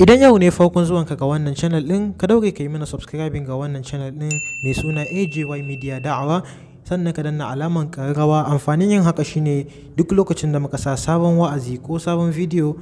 Idan yau ne farkon zuwanka ga wannan channel ɗin, ka dauke ka yi mana subscribing ga wannan channel ɗin mai suna AJY Media Da'awa sannan ka danna alaman karrawa amfanin yin haka shine duk lokacin da muka sa sabon wa'azi ko sabon bidiyo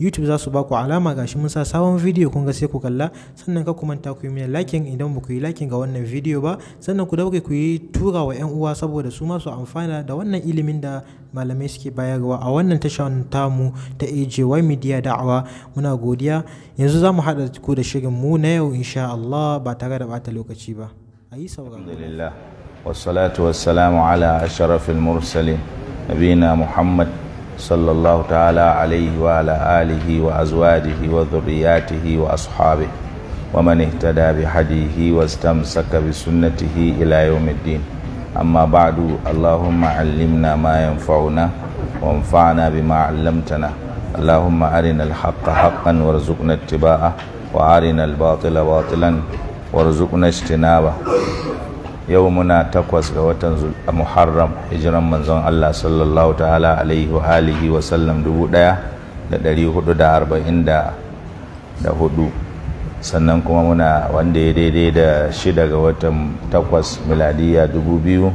YouTube za su baku alama gashi mun sa sabon video kun ga sai ku kalla sannan ka kumanta ku yi mini liking idan ba ku yi liking ga wannan video ba sannan ku dauke ku yi tura wa yan uwa saboda su ma su amfana da wannan ilimin da malamai suke bayarwa a wannan tashar tamu ta AJY Media da'awa muna godiya yanzu za mu haɗa ku da shirin mu na yau insha Allah ba tare da bata lokaci ba a yi alhamdulillah wassalatu wassalamu ala ashrafil mursalin nabina muhammad صلى الله تعالى عليه وعلى آله وأزواجه وذرياته وأصحابه ومن اهتدى بهديه واستمسك بسنته إلى يوم الدين أما بعد اللهم علمنا ما ينفعنا وانفعنا بما علمتنا اللهم أرنا الحق حقا وارزقنا اتباعه وأرنا الباطل باطلا وارزقنا اجتنابه yau muna takwas ga watan muharram hijiran manzon Allah sallallahu ta'ala alaihi wa alihi wa sallam dubu daya da dari hudu da arba'in da hudu sannan kuma muna wanda ya daidai da shida ga watan takwas miladiya dubu biyu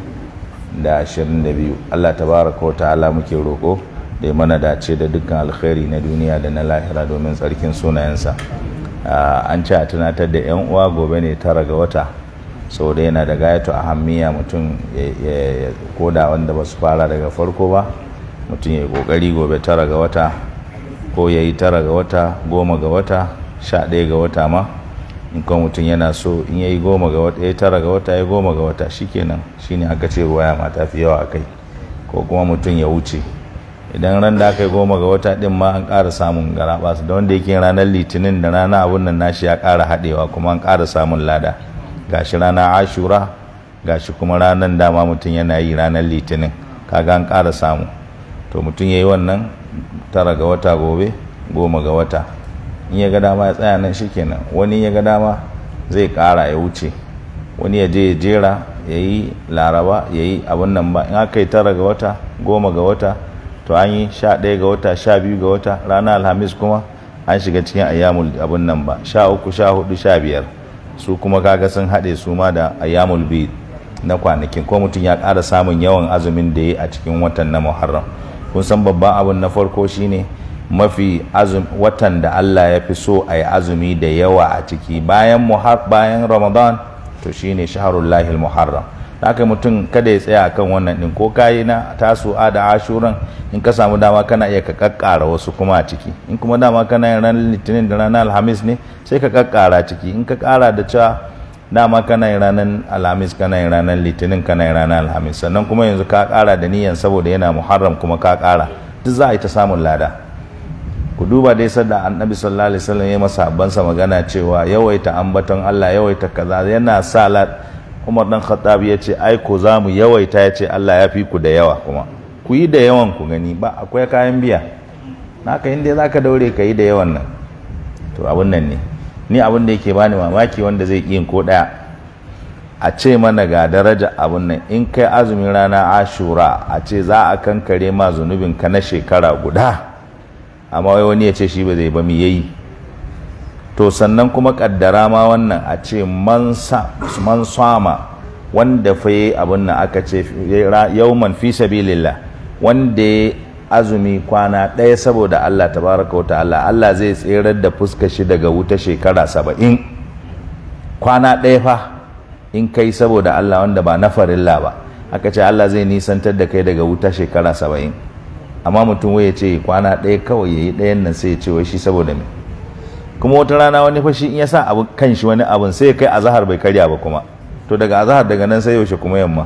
da ashirin da biyu Allah tabaraka wa ta'ala muke roƙo da ya mana dace da dukkan alkhairi na duniya da na lahira domin tsarkin sunayensa ah, an ci a tunatar da 'yan uwa gobe ne tara ga wata so da yana da gayato a hammiya mutum ya koda wanda ba su fara daga farko ba mutum ya yi kokari gobe tara ga wata ko ya yi tara ga wata goma ga wata sha ɗaya ga wata ma in kuma mutum yana so in ya yi goma ga wata ya yi tara ga wata ya goma ga wata shi ne aka ce ruwa ya mata fi yawa a kai ko kuma mutum ya wuce idan ran da aka yi goma ga wata din ma an ƙara samun garaɓa da wanda yake ranar litinin da rana abun nan nashi ya ƙara haɗewa kuma an ƙara samun lada gashi rana ashura gashi kuma ranar dama mutum yana yi ranar litinin kaga an ƙara samu to mutum ya yi wannan tara ga wata gobe goma ga wata in ya ga dama ya tsaya nan shikenan wani ya ga dama zai ƙara ya wuce wani ya je ya jera ya yi laraba ya yi abin nan ba in aka yi tara ga wata goma ga wata to an yi sha ɗaya ga wata sha biyu ga wata ranar alhamis kuma an shiga cikin ayyamul abin nan ba sha uku sha hudu sha biyar su kuma kaga sun haɗe su ma da ayyamul bid na kwanakin ko mutum ya ƙara samun yawan azumin da yi a cikin watan na muharram kun san babban abin na farko shine mafi watan da Allah ya fi so a yi azumi da yawa a ciki bayan bayan ramadan to shine shaharullahil muharram haka mutum kada ya tsaya kan wannan din ko kayi na tasu a da ashuran in ka samu dama kana iya ka kakkara wasu kuma a ciki in kuma dama kana yin ranar litinin da ranar alhamis ne sai ka kakkara ciki in ka kara da cewa dama kana yin ranar alhamis kana yin ranar litinin kana yin ranar alhamis sannan kuma yanzu ka kara da niyan saboda yana muharram kuma ka kara duk za a yi ta samun lada ku duba dai sadda annabi sallallahu alaihi wasallam ya masa abansa magana cewa yawaita ambaton Allah yawaita kaza yana sa umar dan khattab ya ce ai ko za mu yawaita ya ce allah ya fi ku da yawa kuma ku yi da yawan ku gani ba akwai kayan biya na ka inda za ka daure ka yi da yawan nan to abin nan ne ni abin da yake bani mamaki wanda zai yin ko daya a ce mana ga daraja abin nan in kai azumin rana ashura a ce za a kankare ma zunubin ka na shekara guda amma wai wani ya ce shi ba zai ba mu yayi to sannan kuma kaddara ma wannan a ce man sama wanda fa yi abin nan aka ce yauman fi sabilillah wanda ya azumi kwana ɗaya saboda Allah tabaraka wa ta'ala Allah zai tserar da fuska shi daga wuta shekara saba'in kwana ɗaya fa in kai saboda Allah wanda ba na farilla ba aka ce Allah zai nisantar da kai daga wuta shekara saba'in amma mutum waya ya ce kwana ɗaya kawai ya yi ɗayan nan sai ya ce wai shi saboda mai. kuma wata rana wani fashi in ya sa abu kan shi wani abin sai kai azahar bai karya ba kuma to daga azahar daga nan sai yaushe kuma yamma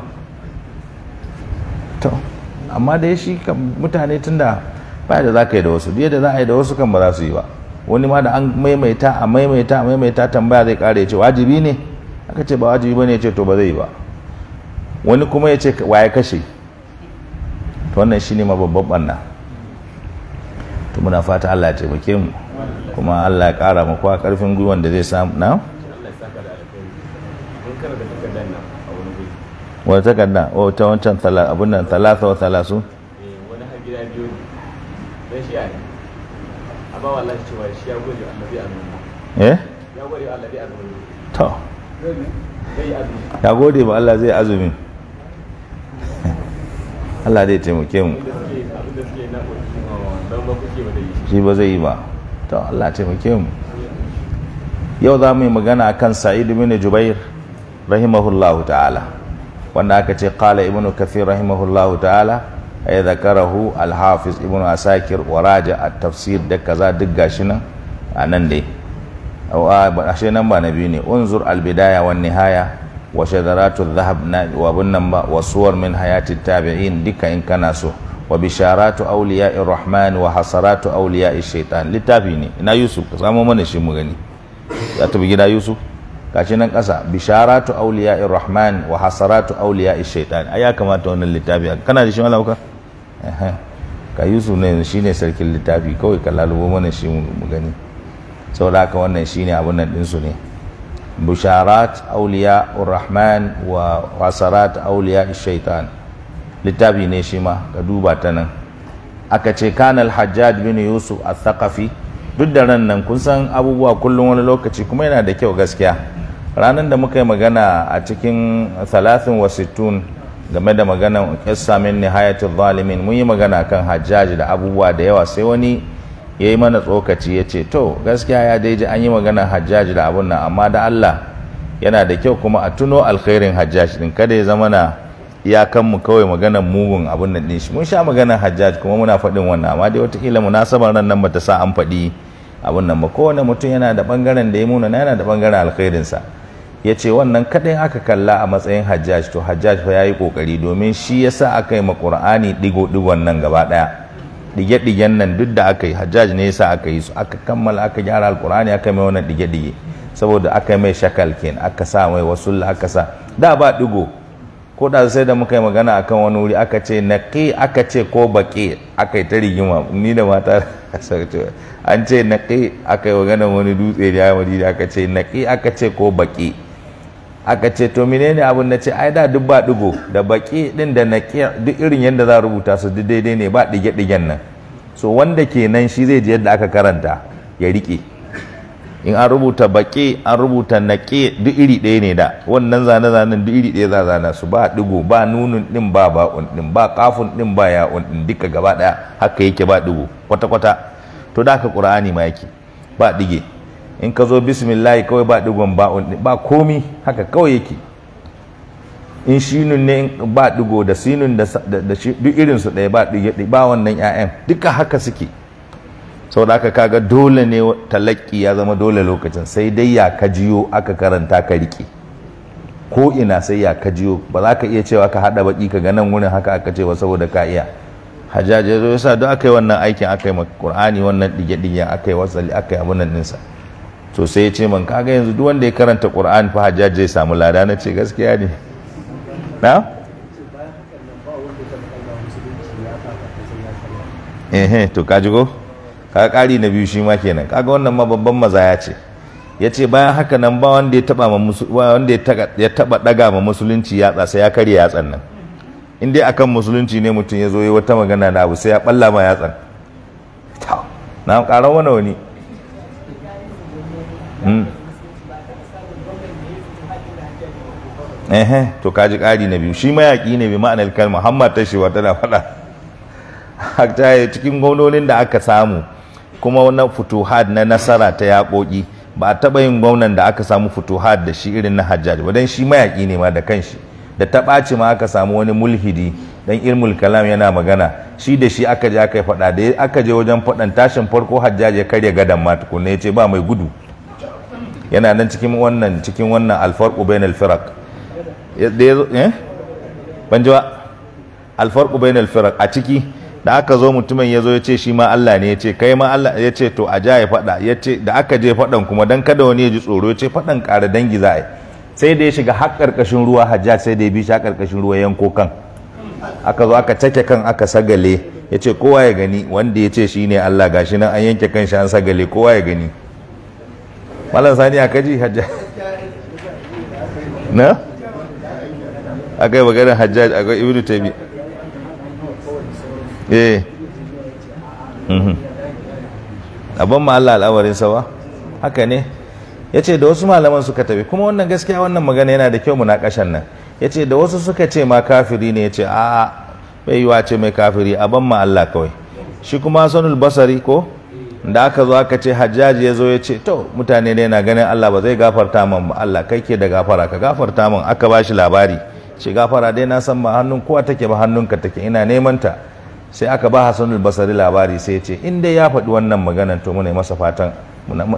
to amma da shi mutane tunda ba da za ka yi da wasu da za a yi da wasu kan ba za su yi ba wani ma da an maimaita a maimaita a maimaita tambaya zai kare ya ce wajibi ne aka ce ba wajibi ne ya ce to ba zai ba wani kuma ya ce waye kashe to wannan ne ma babban banna to muna fata Allah ya taimake mu kuma Allah ya ƙara mu kwa ƙarfin gwiwa da zai samu na wata takarda a oh, ta wancan abin nan talata wa talasu wani biyu ne shi ne a ba wallahi cewa shi ya eh ya gode annabi to ya gode ba Allah zai azumi Allah zai taimake mu shi ba zai yi ba Allah taimake mu yau za mu yi magana kan sa'id ibn jubair rahimahullahu ta'ala wanda aka ce qala ibn kathir rahimahullahu ta'ala ay zakarahu al-hafiz ibn asakir wa raja at-tafsir da kaza duk gashi nan anan dai aw ashe nan ba nabi ne unzur al-bidaya wan nihaya wa shadaratu adh-dhahab na wa bunnan ba wa suwar min hayati at-tabi'in duka in kana so wa bisharatu awliya'ir rahman wa hasaratu awliya'ish shaitan littafi ne ina yusuf ka samo mana shi mu ya tafi gida yusuf gashi nan kasa bisharatu awliya'ir rahman wa hasaratu awliya'ish shaitan ai kamata wannan littafi kana da shi Allah ka ka yusuf ne shine sarkin littafi kawai ka lalubo mana shi mu gani saboda haka wannan shine abun nan din su ne wa shaitan littafi ne shi ma ka duba ta nan aka ce kanal hajjaj bin yusuf a sakafi. duk da ran nan kun san abubuwa kullum wani lokaci kuma yana da kyau gaskiya ranar da muka yi magana a cikin salatin wasittun game da maganan kissa min nihayatul zalimin mun yi magana kan hajjaji da abubuwa da yawa sai wani ya yi mana tsokaci ya ce to gaskiya ya daiji an yi maganan hajjaji da abun nan amma da Allah yana da kyau kuma a tuno alkhairin hajjaj din kada ya zama na ya kan mu kawai maganar mugun abin nan din shi mun sha maganar hajjaj kuma muna faɗin wannan amma dai ila munasabar nan nan bata sa an faɗi abin nan ba kowane mutum yana da ɓangaren da ya muna yana da ɓangaren alkhairinsa ya ce wannan kaɗai aka kalla a matsayin hajjaj to hajjaj fa ya yi ƙoƙari domin shi ya sa aka yi ma ƙur'ani ɗigo-ɗigon nan gaba ɗaya ɗige-ɗigen nan duk da aka yi hajjaj ne yasa aka yi su aka kammala aka gyara alkurani aka mai wannan ɗige dige saboda aka mai shakalkin aka sa mai wasu aka da ba ɗigo ko da sai da muka yi magana kan wani wuri aka ce naqi aka ce ko baƙi aka yi ta rigima ni da mata an ce naqi aka yi magana wani dutse da ya da aka ce naqi aka ce ko baƙi aka ce to ne abin da ce ai da duk ba ɗigo da baƙi ɗin da naqi duk irin yadda za rubuta su duk daidai ne ba ɗige-ɗigen nan so wanda ke nan shi zai ji yadda aka karanta ya riƙe. in an rubuta baƙi an rubuta naƙe duk iri ɗaya ne da wannan zane-zanen duk iri ɗaya za zana su ba ɗigo ba nunun ɗin ba ba ɗin ba kafin ɗin ba ya ɗin duka gaba ɗaya haka yake ba ɗigo kwata-kwata to da haka ƙur'ani ma yake ba ɗige in ka zo bismillahi kawai ba ɗigon ba ɗin ba komi haka kawai yake in shinun ne ba ɗigo da sinun da duk irinsu ɗaya ba wannan 'ya'yan duka haka suke saboda aka kaga dole ne talaki ya zama dole lokacin sai dai ya ka jiyo aka karanta ka riƙe ko ina sai ya ka jiyo ba za ka iya cewa ka haɗa baki ka ga nan wurin haka aka ce ba saboda ka iya hajjaji ya zo yasa don aka yi wannan aikin aka yi ƙur'ani wannan ɗige-ɗige aka yi wasali aka yi abunan ninsa to sai ya ce man kaga yanzu duk wanda ya karanta ƙur'ani fa hajjaji ya samu lada na ce gaskiya ne na ehe to kaji ko ka ƙari na biyu shi ma kenan kaga wannan ma babban mazaya ce ya ce bayan haka nan ba wanda ya taba ma wanda ya taba daga ma musulunci yatsa sai ya karya yatsan nan in dai akan musulunci ne mutum ya zo yi wata magana na abu sai ya balla ma yatsan na ƙaran wani wani hmm. ehe to kaji ƙari na biyu shi mayaƙi ne bi ma'anar kalma hamma ta shi tana faɗa hatta cikin gwamnonin da aka samu kuma na futuhad na nasara ta yaƙoƙi ba a taɓa yin gwamnan da aka samu futuhad da shi irin na hajjaj ba don shi mayaƙi ne ma da kanshi da ta ɓaci ma aka samu wani mulhidi dan ilmul kalam yana magana shi da shi aka je aka yi faɗa da aka je wajen faɗan tashin farko hajjaj ya karya gadan ma tukunna ya ce ba mai gudu yana nan cikin wannan cikin wannan alfarqu bainal firaq eh? ban a ciki da aka zo mutumin ya zo ya ce shi ma Allah ne ya ce kai ma Allah ya ce to a ja ya faɗa ya ce da aka je faɗan kuma dan kada wani ya ji tsoro ya ce faɗan ƙara dangi za a yi sai da ya shiga har ƙarƙashin ruwa hajja sai da ya bi shi har ƙarƙashin ruwa yanko kan aka zo aka cake kan aka sagale ya ce kowa ya gani wanda ya ce shi ne Allah gashi nan an yanke kan shi an sagale kowa ya gani malam sani aka ji hajja na akai maganar hajjaj akwai ibnu taymiyyah eh mhm. abin ma Allah al'amarinsa haka ne ya ce da wasu malaman suka tafi kuma wannan gaskiya wannan magana yana da kyau kashan nan ya ce da wasu suka ce ma kafiri ne ya ce a'a bai yiwa ce mai kafiri abin ma Allah kawai shi kuma sanul basari ko da aka zo aka ce hajjaji ya zo ya ce to mutane ne na ganin Allah ba zai gafarta min ba Allah kai ke da gafara ka gafarta min aka ba shi labari ce gafara dai na san ba hannun kowa take ba hannun ka take ina neman ta sai aka ba Hassan al-Basri labari sai ya ce in dai ya faɗi wannan maganan to muna masa fatan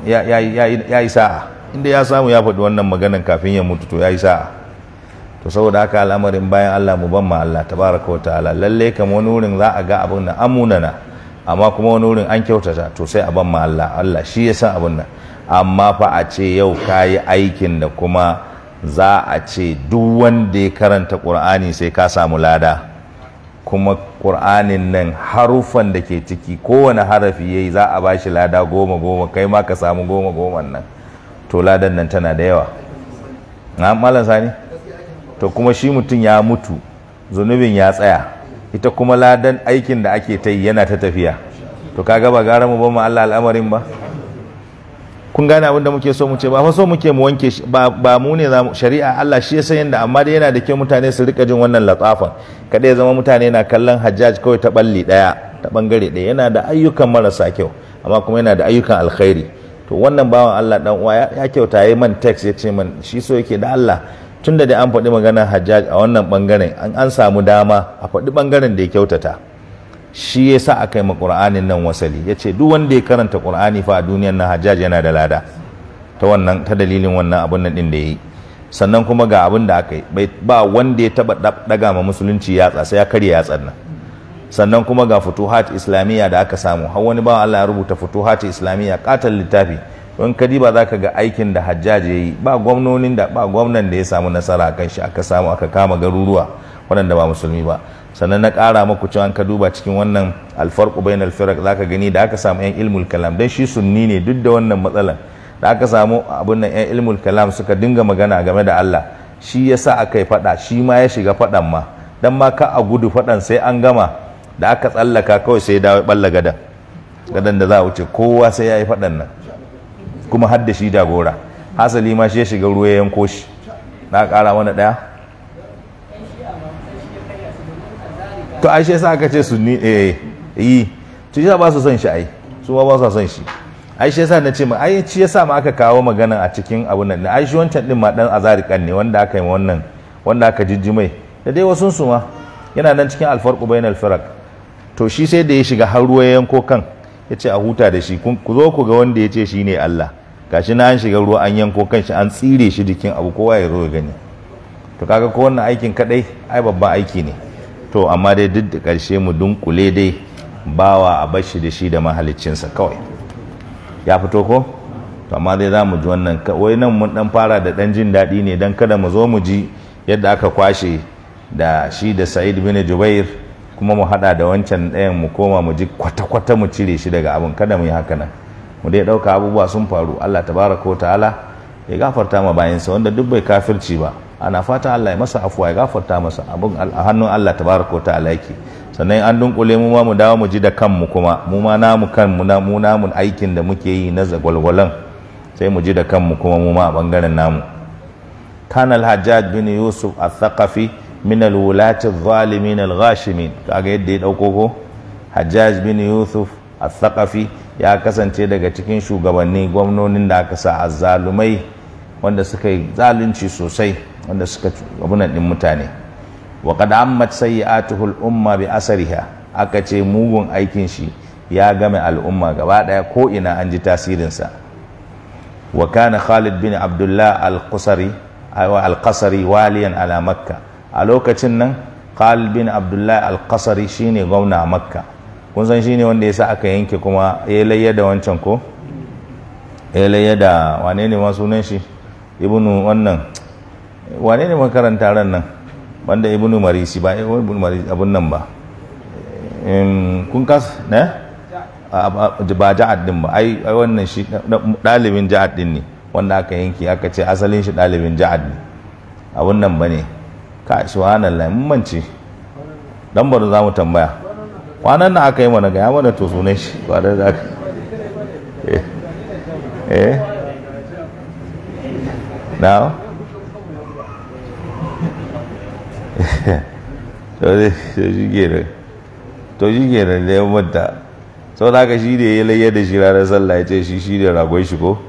ya yi sa'a in dai ya samu ya faɗi wannan maganan kafin ya mutu to ya yi sa'a to saboda haka al'amarin bayan Allah mu ban ma Allah tabaraka wa ta'ala lalle kam wani wurin za a ga abin nan amunana amma kuma wani wurin an kyautata to sai a ban ma Allah Allah shi ya san abin nan amma fa a ce yau kayi aikin da kuma za a ce duk wanda ya karanta Qur'ani sai ka samu lada kuma ƙur'anin nan harufan da ke ciki kowane harafi ya za a ba shi lada goma goma kai ma ka samu goma goma nan to ladan nan tana da yawa na malam sani to kuma shi mutum ya mutu zunubin ya tsaya ita kuma ladan aikin da ake ta yi yana ta tafiya to kaga ba gara mu ba mu Allah al'amarin ba kun gane abin da muke so mu ce ba fa so muke mu wanke ba mu ne za shari'a Allah shi ya san yanda amma dai yana da kyau mutane su rika jin wannan latsafan kada ya zama mutane na kallon Hajjaj kawai ta balli daya ta bangare daya yana da ayyukan marasa kyau amma kuma yana da ayyukan alkhairi to wannan bawan Allah dan uwa ya kyauta yayi man text ya ce man shi so yake da Allah tunda da an faɗi maganar Hajjaj a wannan bangaren an samu dama a faɗi bangaren da ya kyautata shi ya sa aka yi ma ƙur'anin nan wasali ya ce duk wanda ya karanta ƙur'ani fa a duniyar na hajjaj yana da lada ta wannan ta dalilin wannan abun nan ɗin da ya yi sannan kuma ga abin da aka yi ba wanda ya taɓa ɗaga ma musulunci yatsa sai ya karya yatsan nan sannan kuma ga futuhat islamiyya da aka samu har wani ba Allah ya rubuta futuhat islamiyya katal littafi don kadi ba za ka ga aikin da hajjaj ya yi ba gwamnonin da ba gwamnan da ya samu nasara kan shi aka samu aka kama garuruwa waɗanda ba musulmi ba sannan na ƙara maku cewa an ka duba cikin wannan alfarku bayan alfirak za ka gani da aka samu yan ilmul kalam dan shi sunni ne duk da wannan matsalar. da aka samu abun nan yan ilmul kalam suka dinga magana game da Allah shi ya sa aka yi faɗa shi ma ya shiga faɗan ma dan ma ka a gudu faɗan sai an gama da aka tsallaka kawai sai dawo balla gadan gadan da za a wuce kowa sai ya yi faɗan nan kuma har da shi jagora hasali ma shi ya shiga ruwa ya yanko shi na ƙara mana ɗaya to ai shi yasa aka ce su ni eh yi to yasa ba su son shi ai su ba su son shi ai shi yasa na ce ma ai shi yasa ma aka kawo magana a cikin abun nan ai shi wancan din ma dan azarikan ne wanda aka yi wannan wanda aka jijjimai da dai wasun su ma yana nan cikin alfarqu bainal firaq to shi sai da ya shiga har ruwa yanko kan ya ce a huta da shi ku zo ku ga wanda ya ce shi ne Allah gashi na an shiga ruwa an yanko kan shi an tsire shi jikin abu kowa ya zo ya gani to kaga ko wannan aikin kadai ai babban aiki ne to amma dai duk da ƙarshe mu dunkule dai bawa a bashi da shi da mahaliccinsa kawai ya fito ko to amma dai za mu ji wannan wai nan mun dan fara da dan jin daɗi ne don kada mu zo mu ji yadda aka kwashe da shi da sa'id bin jubair kuma mu haɗa da wancan ɗayan mu koma mu ji kwata-kwata mu cire shi daga abin kada mu yi haka nan mu dai ɗauka abubuwa sun faru allah tabaraka wa ta'ala ya gafarta ma bayansa wanda duk bai kafirci ba ana fata Allah ya masa afuwa ya gafarta masa abin a hannun Allah ta baraka ta alaiki sannan an dunkule mu ma mu dawo mu ji da kanmu kuma mu ma namu kanmu na mu namu aikin da muke yi na zagwalgwalan sai mu ji da kanmu kuma mu ma a bangaren namu kana al-hajjaj bin yusuf al-thaqafi min al-wulati adh-dhalimin al-ghashimin yadda ya dauko ko hajjaj bin yusuf al-thaqafi ya kasance daga cikin shugabanni gwamnonin da aka sa azzalumai wanda suka yi zalunci sosai wanda suka abunan din mutane wa qad ammat sayi'atuhu al-umma bi asariha aka ce mugun aikin shi ya game al'umma gaba daya ko ina an ji tasirin sa wa kana Khalid bin Abdullah al-Qusari al-Qasari waliyan ala Makka a lokacin nan Khalid bin Abdullah al-Qasari shine gwamna a Makka kun san shine wanda yasa aka yanke kuma ya layya da wancan ko ya layya da wane ne ma sunan shi ibnu wannan wane ne makaranta ran nan wanda ibnu marisi ba eh, ibnu marisi abun nan ba kun kas ne ba ja'ad din ba ai wannan shi dalibin ja'ad din ne wanda aka yanki aka ce asalin shi dalibin ja'ad ne abun nan ba ne ka subhanallah mun mance dan bar za mu tambaya kwanan nan aka yi mana ga ya mana to sunan shi kwanan da aka eh eh now to shi to shi da ya manta sau da ka shi ne ya layyar da shi ranar sallah ya ce shi shi ne ragon shi ko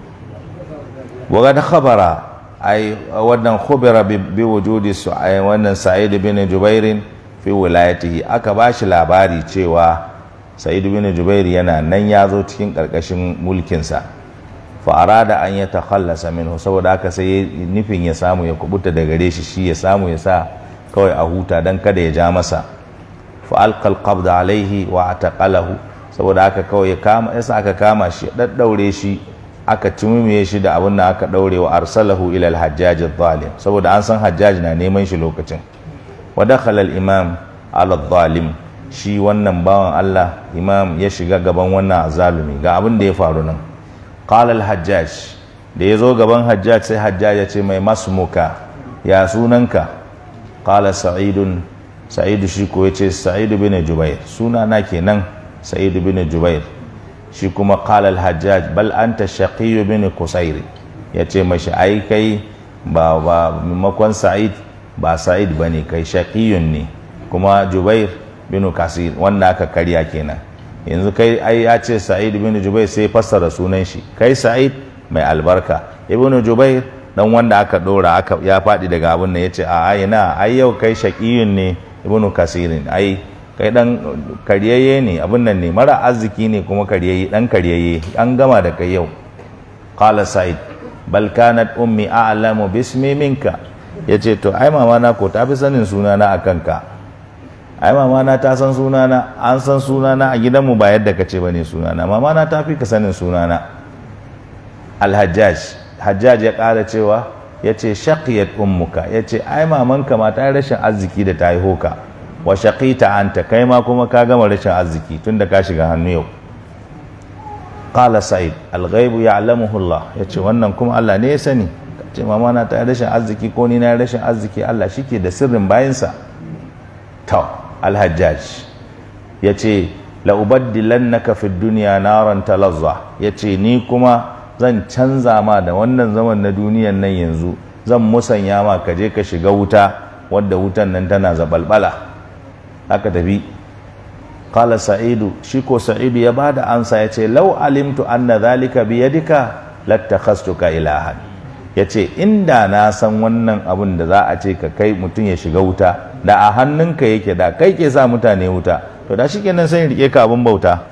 waga ta khabara ai wannan khubara bi wujudi su ai wannan sa'id bin jubairin fi wilayatihi aka ba shi labari cewa sa'id bin jubair yana nan ya zo cikin karkashin sa. fara da an ya takhallasa minhu saboda aka sai nufin ya samu ya kubuta daga gare shi shi ya samu ya sa kawai a huta don kada ya ja masa fa'alkal qabda alaihi wa taƙalahu saboda aka kawai ya kama yasa aka kama shi ya ɗaɗɗaure shi aka cimimiye shi da abin da aka ɗaure wa arsalahu ilal al zalim saboda an san hajjaj na neman shi lokacin wa dakhala imam ala zalim shi wannan bawan Allah imam ya shiga gaban wannan azalumi ga abin da ya faru nan qala al-hajjaj da ya zo gaban hajjaj sai hajjaj ya ce mai masmuka ya sunanka qala sa'idun sa'idu shi ko yace sa'idu bin jubair suna na kenan sa'idu bin jubair shi kuma qala al-hajjaj bal anta shaqiy bin qusair yace mashi ai kai ba ba makon sa'id ba sa'id bane kai shaqiyun ne kuma jubair bin kasir wanda aka karya kenan yanzu kai ai ya ce sa'id bin jubair sai fassara sunan shi kai sa'id mai albarka ibnu jubair dan wanda aka dora aka ya faɗi daga abin nan yace a ina ai yau kai shaqiyun ne ibnu kasirin ai kai dan kariyayye ne abin nan ne mara arziki ne kuma kariyayye dan kariyayye an gama da kai yau qala sa'id bal kanat ummi a'lamu bismi minka yace to ai mama na ko ta fi sanin sunana akan ka ai mama na ta san sunana an san sunana a gidanmu ba yadda kace bane sunana mama na ta fi ka sanin sunana alhajjaj hajjaj ya ƙara cewa ya ce shaƙiyat ummuka ya ce ai mamanka ma ta rashin arziki da ta haihu ka wa shaƙita anta kai ma kuma ka gama rashin arziki tun da ka shiga hannu yau ƙala sa'id alghaibu ya alamuhullah ya ce wannan kuma allah ne ya sani ce mama na ta rashin arziki ko ni na rashin arziki allah shike da sirrin bayansa ta alhajjaj ya ce la'ubaddilannaka fid duniya naran talazza ya ce ni kuma zan canza ma da wannan zaman na duniyan nan yanzu zan musanya ma ka je ka shiga wuta wadda wutan nan tana zabalbala aka tafi qala sa'idu shi ko sa'idu ya ba da ansa ya ce law alimtu anna dhalika bi yadika lattakhastuka ilahan ya ce inda na san wannan abin da za a ce ka kai mutum ya shiga wuta da a hannunka yake da kai ke sa mutane wuta to da shi kenan sai rike ka abin bauta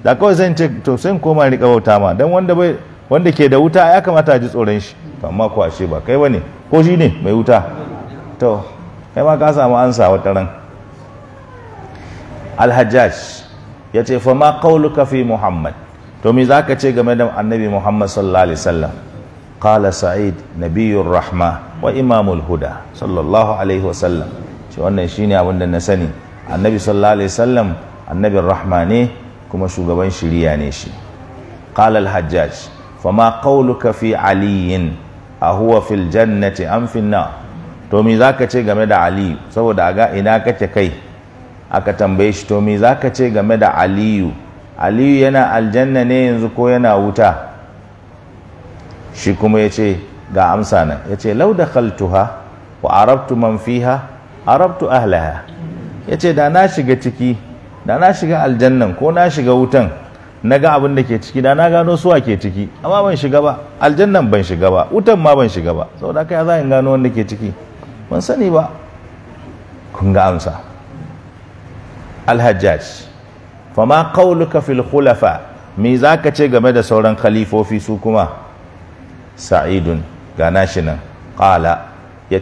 da kawai sai ce to sai koma rika bauta ma dan wanda bai wanda ke da wuta ya kamata a ji tsoron shi amma ko ashe ba kai bane ko shi ne mai wuta to kai ma ka samu ansa wata ran alhajjaj ya ce fa ma qauluka fi muhammad to me zaka ce game da annabi muhammad sallallahu alaihi wasallam qala sa'id nabiyur rahma wa imamul huda sallallahu alaihi wasallam ce wannan shine abin da na sani annabi sallallahu alaihi wasallam annabin rahma ne kuma shugaban shiriya ne shi qala alhajjaj fama qauluka fi aliyin a huwa fil jannati am fin nar to zaka ce game da aliyu saboda ga ina kake kai aka tambaye shi to me zaka ce game da aliyu aliyu yana aljanna ne yanzu ko yana wuta shi kuma ya ce ga amsa nan ya ce lau wa arabtu man fiha arabtu ahlaha ya ce da na shiga ciki da na shiga aljannan ko na shiga wutan na ga abin da ke ciki da na gano suwa ke ciki amma ban shiga ba aljannan ban shiga ba wutan ma ban shiga ba saboda haka ya za in gano wanda ke ciki ban sani ba kun ga amsa alhajjaj ma qauluka fil khulafa me ka ce game da sauran khalifofi su kuma sa'idun ga nashi nan qala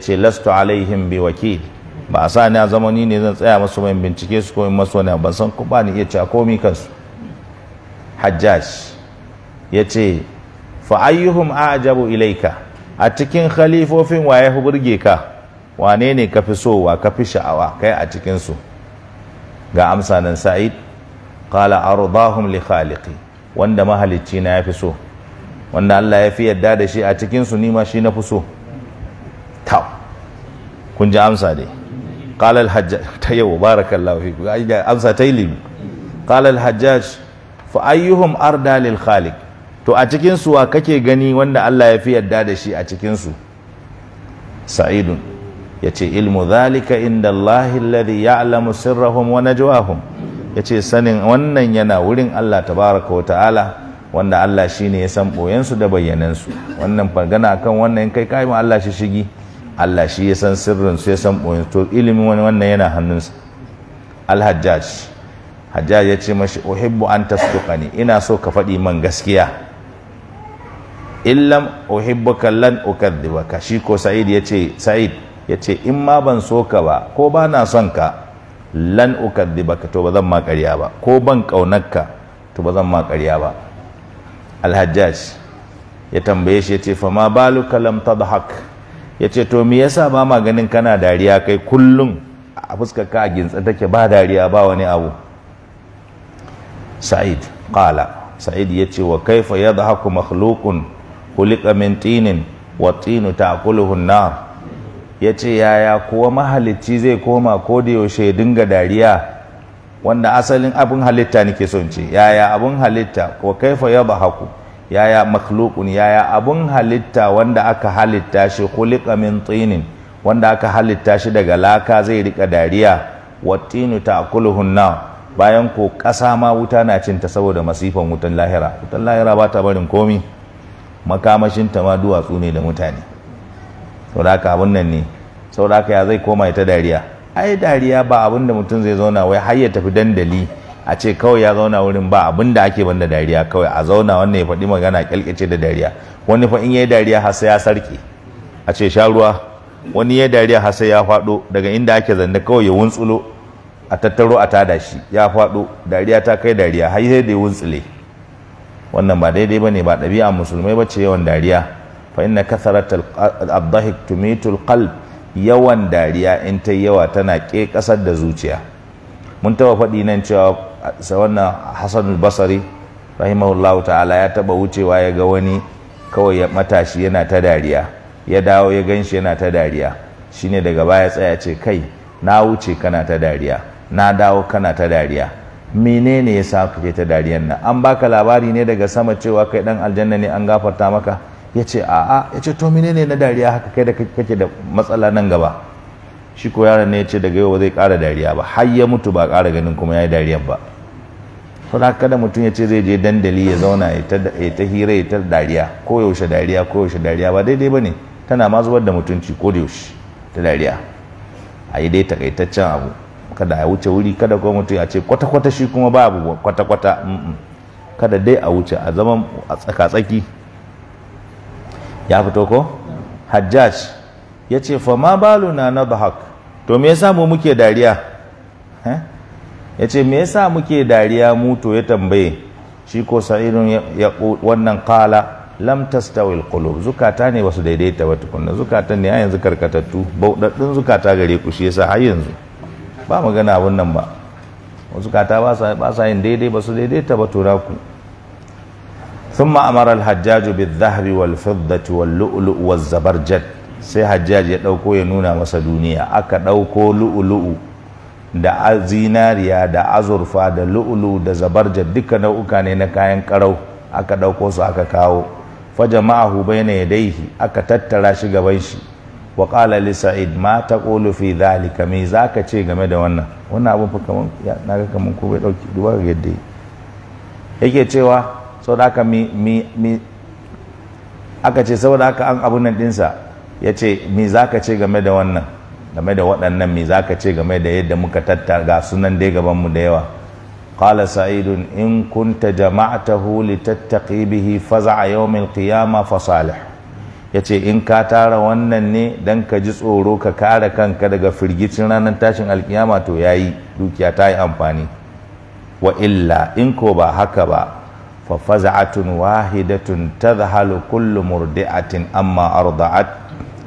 ce lastu alaihim wakil ba a sa ni a zamani ne zan tsaya masu mai bincike su ko in masu wani ban san ku ba ni iya cewa komi kansu hajjaj ya ce fa'ayyuhum ajabu ilaika a cikin khalifofin waye burge ka wane ne ka fi so wa ka fi sha'awa kai a cikinsu ga amsa nan sa'id qala ardahum li khaliqi wanda mahalicci na ya fi so wanda Allah ya fi yadda da shi a cikinsu ni ma shi na fi so ta kun ji amsa dai qala al-hajjaj ta yau barakallahu fiku amsa ta yi limu qala hajjaj fa ayyuhum arda lil khaliq to a cikin su wa kake gani wanda Allah ya fi yarda da shi a cikin su sa'idun yace ilmu zalika inda Allah alladhi ya'lamu sirrahum wa najwahum yace sanin wannan yana wurin Allah tabaraka wa ta'ala wanda Allah shine ya san su da su wannan fargana kan wannan kai kai Allah shi shigi Allah shi ya san sirrin su ya san boyen to ilimin wannan yana hannunsa al-hajjaj hajjaj ya ce mashi uhibbu an ne? ina so ka faɗi man gaskiya illam uhibbuka lan ukadhibaka shi ko sa'id ya ce sa'id ya ce in ma ban so ka ba ko ba na son ka lan ukadhibaka to ba zan ma ƙarya ba ko ban ƙaunarka to ba zan ma ƙarya ba alhajjaj ya tambaye shi ya ce fa ma baluka lam tadhak ya ce to me yasa ba ma ganin kana dariya kai kullum a fuskar a gintsa take ba dariya ba wani abu sa'id qala sa'id yace wa kaifa yadhaku makhluqun khuliqa min tinin wa tinu ta'kuluhu an-nar yace yaya kuwa mahalicci zai koma ko da yaushe ya dinga dariya wanda asalin abin halitta nake son ce yaya abin halitta wa kaifa yadhaku yaya makhluqun yaya abin halitta wanda aka halitta shi khuliqa min tinin wanda aka halitta shi daga laka zai rika dariya wa tinu ta'kuluhu an-nar bayan ko ƙasa ma wuta na cinta saboda masifan wutan lahira wutan lahira ba ta barin komi Makamashin ta ma duwatsu ne da mutane sauraka abin nan ne sauraka ya zai koma ita dariya ai dariya ba abin da mutum zai zauna wai har ya tafi dandali a ce kawai ya zauna wurin ba abin da ake banda dariya kawai a zauna wannan ya faɗi magana kyalkace da dariya wani fa in yayi dariya har sai ya sarki. a ce sha ruwa wani ya dariya har sai ya faɗo daga inda ake zanne kawai ya wuntsulo a tattaro a tada shi ya faɗo dariya ta kai dariya har sai da wuntsile wannan ba daidai bane ba ɗabi'a musulmai ba ce yawan dariya fa inna katharat ad-dhahik tumitul qalb yawan dariya in ta yawa tana ke kasar da zuciya mun taba faɗi nan cewa wannan Hassan al-Basri rahimahullahu ta'ala ya taba wucewa ya ga wani kawai ya matashi yana ta dariya ya dawo ya ganshi yana ta dariya shine daga baya tsaya ce kai na wuce kana ta dariya na dawo kana ta dariya menene ya sa kake ta dariyan nan an baka labari ne daga sama cewa kai dan aljanna ne an gafarta maka ya ce a'a ya ce to menene na dariya haka kai da kake da matsala nan gaba shi ko yaron ne ya ce daga yau zai ƙara dariya ba har ya mutu ba ƙara ganin kuma ya yi dariyan ba da kada mutum ya ce zai je dandali ya zauna ya ta hira ya ta dariya ko yaushe dariya ko yaushe dariya ba daidai ba ne tana ma da mutunci ko da yaushe ta dariya a yi dai takaitaccen abu kada a wuce wuri kada kuma mutum ya ce kwata-kwata shi kuma babu kwata-kwata kada dai a wuce a zama a tsaka-tsaki ya fito ko hajjaj ya ce fa ma baluna na bahak to me yasa mu muke dariya ya ce me yasa muke dariya mu to ya tambaye shi ko irin wannan kala lam tastawil qulub zukata ne wasu daidaita wata tukunna zukatan ne a yanzu karkatattu baudaddun zukata gare ku shi yasa har yanzu ba magana wannan ba wasu kata ba sa yin daidai ba su daidaita ba tura ku ثم أمر wal wal والفضة واللؤلؤ والزبرجد sai hajjaji ya ɗauko ya nuna masa duniya aka ɗauko lu'ulu'u da zinariya da azurfa da lu'ulu da zabarjad duka nau'uka ne na kayan karau aka ɗauko su aka kawo fajama'ahu ma'ahu bai na aka tattara shi gaban shi wa ƙala li sa'id ma taqulu fi zalika me ka ce game da wannan wannan abun fa na ga kamar ko bai dauki duba ga yadda yake cewa saboda haka mi mi mi aka ce saboda haka an abun nan dinsa ya ce me ka ce game da wannan game da waɗannan me ka ce game da yadda muka tattara ga sunan dai gaban mu da yawa jama'a ta huli كنت جمعته لتتقي a yau يوم القيامة فصالح ya ce in ka tara wannan ne don ka ji tsoro ka kare kanka daga firgicin ranar tashin alkiyama to ya yi dukiya ta yi amfani wa illa in ko ba haka ba fa faza'atun wahidatun tadhalu kullu murdi'atin amma arda'at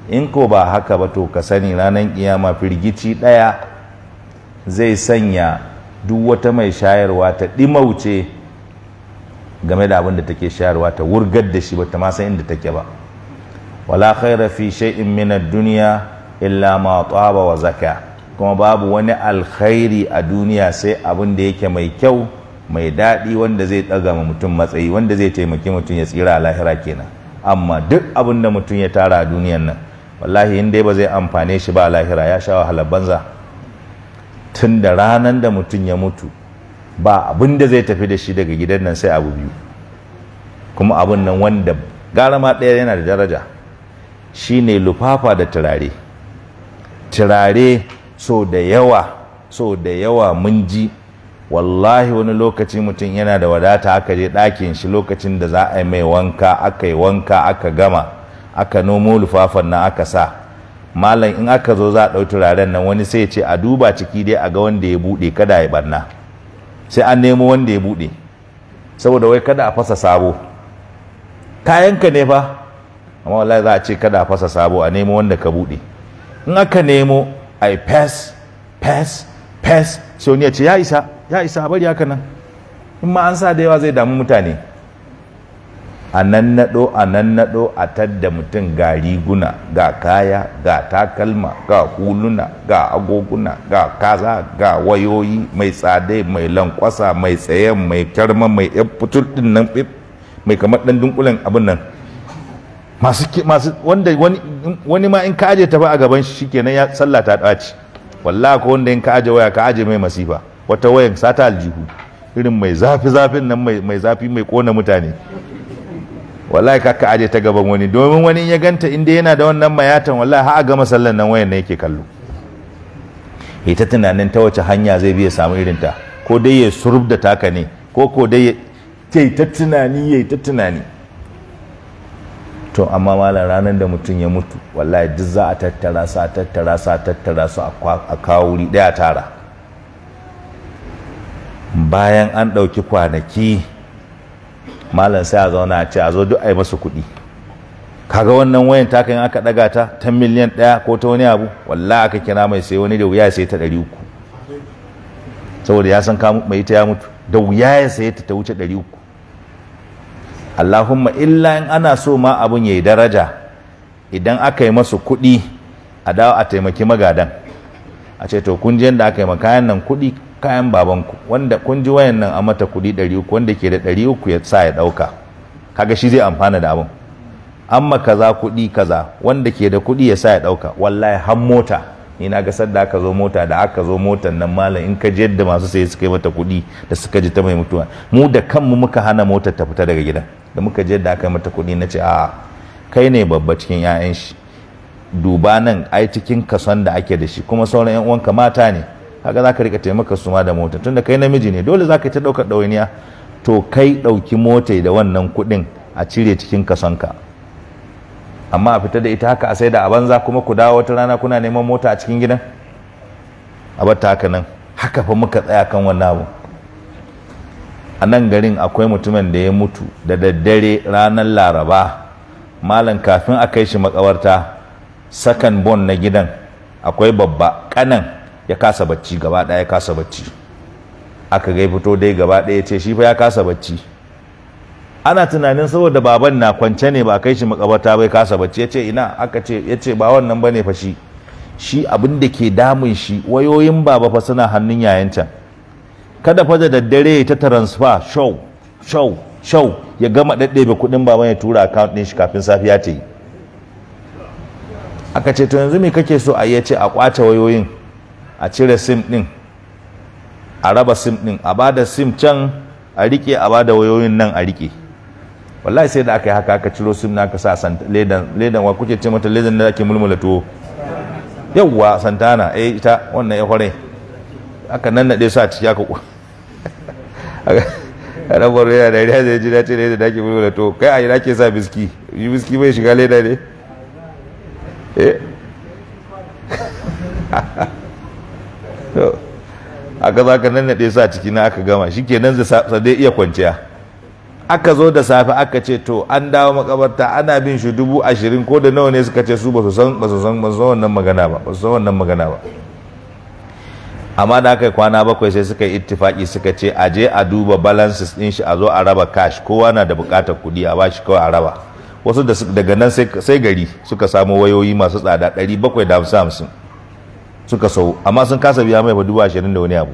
in ko ba haka ba to ka sani ranar kiyama firgici ɗaya zai sanya duk wata mai shayarwa ta ɗimauce game da abin da take shayarwa ta wurgar da shi ba ta ma san inda take ba wala khaira fi shay'in min ad-dunya illa ma taaba wa zaka kuma babu wani alkhairi a duniya sai abin da yake mai kyau mai daɗi wanda zai ɗaga ma mutum matsayi wanda zai taimaki mutum ya tsira a lahira kenan amma duk abin da mutum ya tara a duniyan nan wallahi in dai ba zai amfane shi ba a lahira ya sha wahala banza tun da ranar da mutum ya mutu ba abin da zai tafi da shi daga gidan nan sai abu biyu kuma abin nan wanda gara ma ɗaya yana da daraja shine lufafa da turare turare so da yawa so da yawa mun ji wallahi wani lokaci mutum yana da wadata aka je ɗakin shi lokacin da za a yi mai wanka aka yi wanka aka gama aka nomo lufafan nan aka sa malam in aka zo za a ɗau turaren nan wani sai ce a duba ciki dai a ga wanda ya buɗe kada ya barna sai an nemo wanda ya buɗe saboda wai kada a fasa sabo kayanka ne fa amma wallahi za a ce kada a fasa sabo a nemo wanda ka buɗe in aka nemo a yi pass pass fes sai wani ce ya isa ya isa bari haka nan in ma an sa da yawa zai damu mutane a nan naɗo a nan naɗo a tadda mutum ga riguna ga kaya ga takalma ga huluna ga agoguna ga kaza ga wayoyi mai tsadai mai lankwasa mai tsayen mai kyarma mai yan fitul din nan mai kamar ɗan dunkulen abin nan masu wanda wani ma in ka aje ta ba a gaban shi shikenan ya sallah ta ɗaci? wallahi ko wanda in ka aje waya ka aje mai masifa wata wayan sata aljihu irin mai zafi zafin nan mai mai zafi mai kona mutane wallahi kaka aje ta gaban wani domin wani ya ganta inda yana da wannan mayatan wallahi har a gama sallan nan wayan ne yake kallo ita tunanin ta wace hanya zai biya samu irin ta ko dai ya surub da taka ne ko ko dai ya ta tunani ya ta tunani to amma malam ranar da mutum ya mutu wallahi duk za a tattara su a tattara su a tattara su a kawo wuri ɗaya tara bayan an ɗauki kwanaki malam sai a zauna a ce a zo duk a yi masu kuɗi kaga wannan wayan ta kan aka ɗaga ta ta miliyan ɗaya ko ta wani abu wallahi aka kira mai sai wani da wuya sai ta ɗari uku saboda ya san mai ita ya mutu da wuya ya sai ta ta wuce ɗari uku Allahumma illa in ana so ma abun yi daraja idan aka yi masu kuɗi a dawo a taimaki magadan a ce to kun ji yadda aka yi ma kayan nan kuɗi kayan babanku wanda kun ji wayan nan a mata kuɗi ɗari uku wanda ke da ɗari uku ya sa ya ɗauka kaga shi zai amfana da abin amma kaza kuɗi kaza wanda ke da kuɗi ya sa ya ɗauka wallahi har mota ni na ga sadda aka zo mota da aka zo motan nan malam in ka yadda masu saye suka yi mata kuɗi da suka ji ta mai mutuwa mu da kanmu muka hana motar ta fita daga gidan da muka je da aka mata kuɗi na ce a kai ne babba cikin 'ya'yan shi duba nan ai cikin kason da ake da shi kuma sauran 'yan uwanka mata ne haka za ka rika taimaka su ma da mota tunda kai namiji ne dole za ka ta ɗaukar ɗawainiya to kai ɗauki mota da wannan kuɗin a cire cikin kason ka. amma a fita da ita haka a sai da a banza kuma ku dawo wata rana kuna neman mota a cikin gidan a bata haka nan haka fa muka tsaya kan wannan abu a nan garin akwai mutumin da ya mutu da daddare ranar laraba malam kafin a kai shi makawarta sakan bon na gidan akwai babba kanan ya kasa bacci gaba ɗaya ya kasa bacci aka gai fito dai gaba ɗaya ce shi fa ya kasa bacci ana tunanin saboda baban na kwance ne ba kai shi makabarta bai kasa bacci ya ce ina aka ce ya ce ba wannan bane fa shi shi abin da ke damun shi wayoyin baba fa suna hannun yayan can kada fa da daddare ta transfer show show show ya gama daddebe kudin baban ya tura account din shi kafin safiya ta yi aka ce to yanzu me kake so a yace a kwace wayoyin a cire sim din a raba sim din a bada sim can a rike a bada wayoyin nan a rike wallahi sai da aka yi haka aka ciro sim na aka sa ledan ledan wa kuke ce mata ledan da ake mulmula tuwo yawwa santana eh ita wannan ya hore aka nannade su a ciki aka ana baro yana dariya zai ji dace ne da dake da to kai a yi ke sa biski yi biski bai shiga leda ne eh aka za ka nan nannaɗe sa ciki na aka gama shi ke nan zai iya kwanciya aka zo da safe aka ce to an dawo makabarta ana bin shi dubu ashirin ko da nawa ne suka ce su ba su san wannan magana ba ba su san wannan magana ba amma da aka yi kwana bakwai sai suka yi ittifaki suka ce a je a duba balances din shi a zo a raba cash kowa na da bukatar kudi a bashi kawai a raba wasu daga nan sai gari suka samu wayoyi masu tsada 750 suka sau amma sun kasa biya mai ba dubu ashirin da wani abu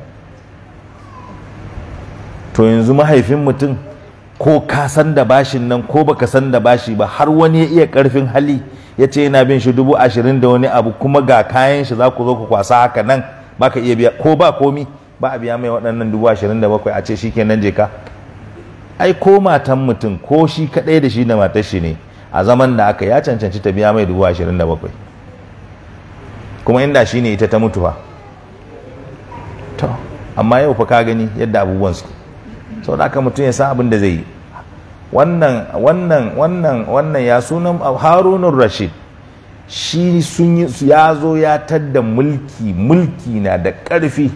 to yanzu mahaifin mutum ko ka san da bashin nan ko baka san da bashi ba har wani ya iya karfin hali ya ce yana bin shi dubu ashirin da wani abu kuma ga kayan shi za ku zo ku kwasa haka nan baka iya biya ko ba komi ba a biya mai waɗannan dubu ashirin da bakwai a ce shi kenan je ka ai ko matan mutum ko shi kaɗai da shi da matar shi ne a zaman da aka ya cancanci ta biya mai dubu ashirin da bakwai kuma inda shi ne ita ta mutu fa to amma yau fa ka gani yadda abubuwan su sau da aka mutum ya san abin da zai yi wannan wannan wannan wannan ya sunan harunun rashid shi sun yi ya zo ya tadda mulki mulki na da ƙarfi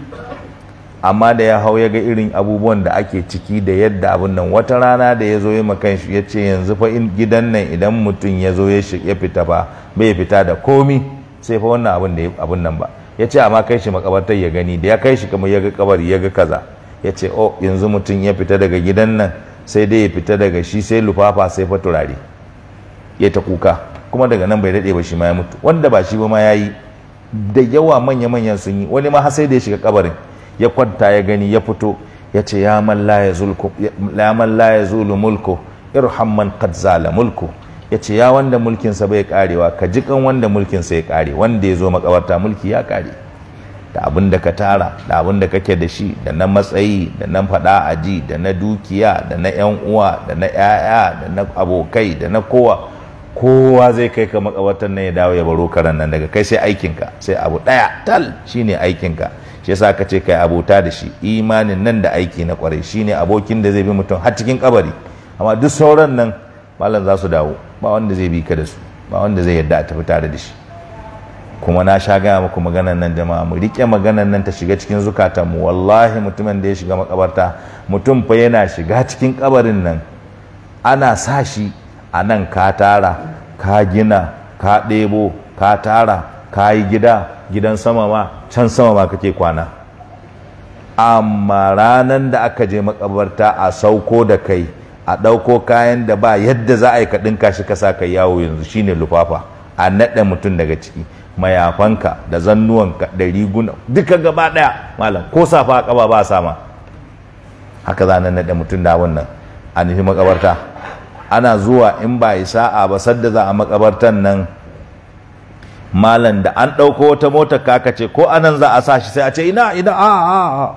amma da ya hau ya ga irin abubuwan da ake ciki da yadda abin nan wata rana da ya zo ya makan shi ya ce yanzu fa gidan nan idan mutum ya zo ya fita ba bai fita da komi sai fa wannan abin da abin nan ba ya ce amma kai shi makabartar ya gani da ya kai shi kamar ya ga kabari ya ga kaza ya ce oh yanzu mutum ya fita daga gidan nan sai dai ya fita daga shi sai lufafa sai fa turare ya ta kuka kuma daga nan bai daɗe ba shi ma ya mutu wanda ba shi ba ma ya yi da yawa manya-manyan sun yi wani ma har sai da ya shiga kabarin ya kwanta ya gani ya fito ya ce ya man la ya zulu mulku irham man qad zala mulku ya ce ya wanda mulkinsa bai karewa ka ji kan wanda mulkinsa ya kare wanda ya zo makabarta mulki ya kare da abin da ka tara da abin da kake da shi da na matsayi da na a ji, da na dukiya da na yan uwa da na yaya da na abokai da na kowa kowa zai kai ka makabartar nan ya dawo ya baro karan nan daga kai sai aikinka sai abu ɗaya tal shine aikinka shi yasa ka ce kai abota da shi imanin nan da aiki na kwarai shine abokin da zai bi mutum har cikin kabari amma duk sauran nan malam za su dawo ba wanda zai bi ka da su ba wanda zai yadda a tafi tare da shi kuma na sha gaya muku maganan nan jama'a mu rike maganan nan ta shiga cikin zukatan mu wallahi mutumin da ya shiga makabarta mutum fa yana shiga cikin kabarin nan ana sa shi a nan ka tara ka gina ka ɗebo ka tara ka yi gida gidan sama ma can sama ma kake kwana amma ranar da aka je makabarta a sauko da kai a ɗauko kayan da ba yadda za a yi kaɗin kashi ka sa ka yawo yanzu shine lufafa a naɗa mutum daga ciki mayafanka da zannuwanka da riguna duka gaba ɗaya malam ko safa a ƙaba ba sama haka za na naɗa mutum da wannan a nufi makabarta ana zuwa in ba yi a ba sadda za a makabartan nan malam da an ɗauko wata motar kaka ce ko anan za a sa shi sai a ce ina ina a a a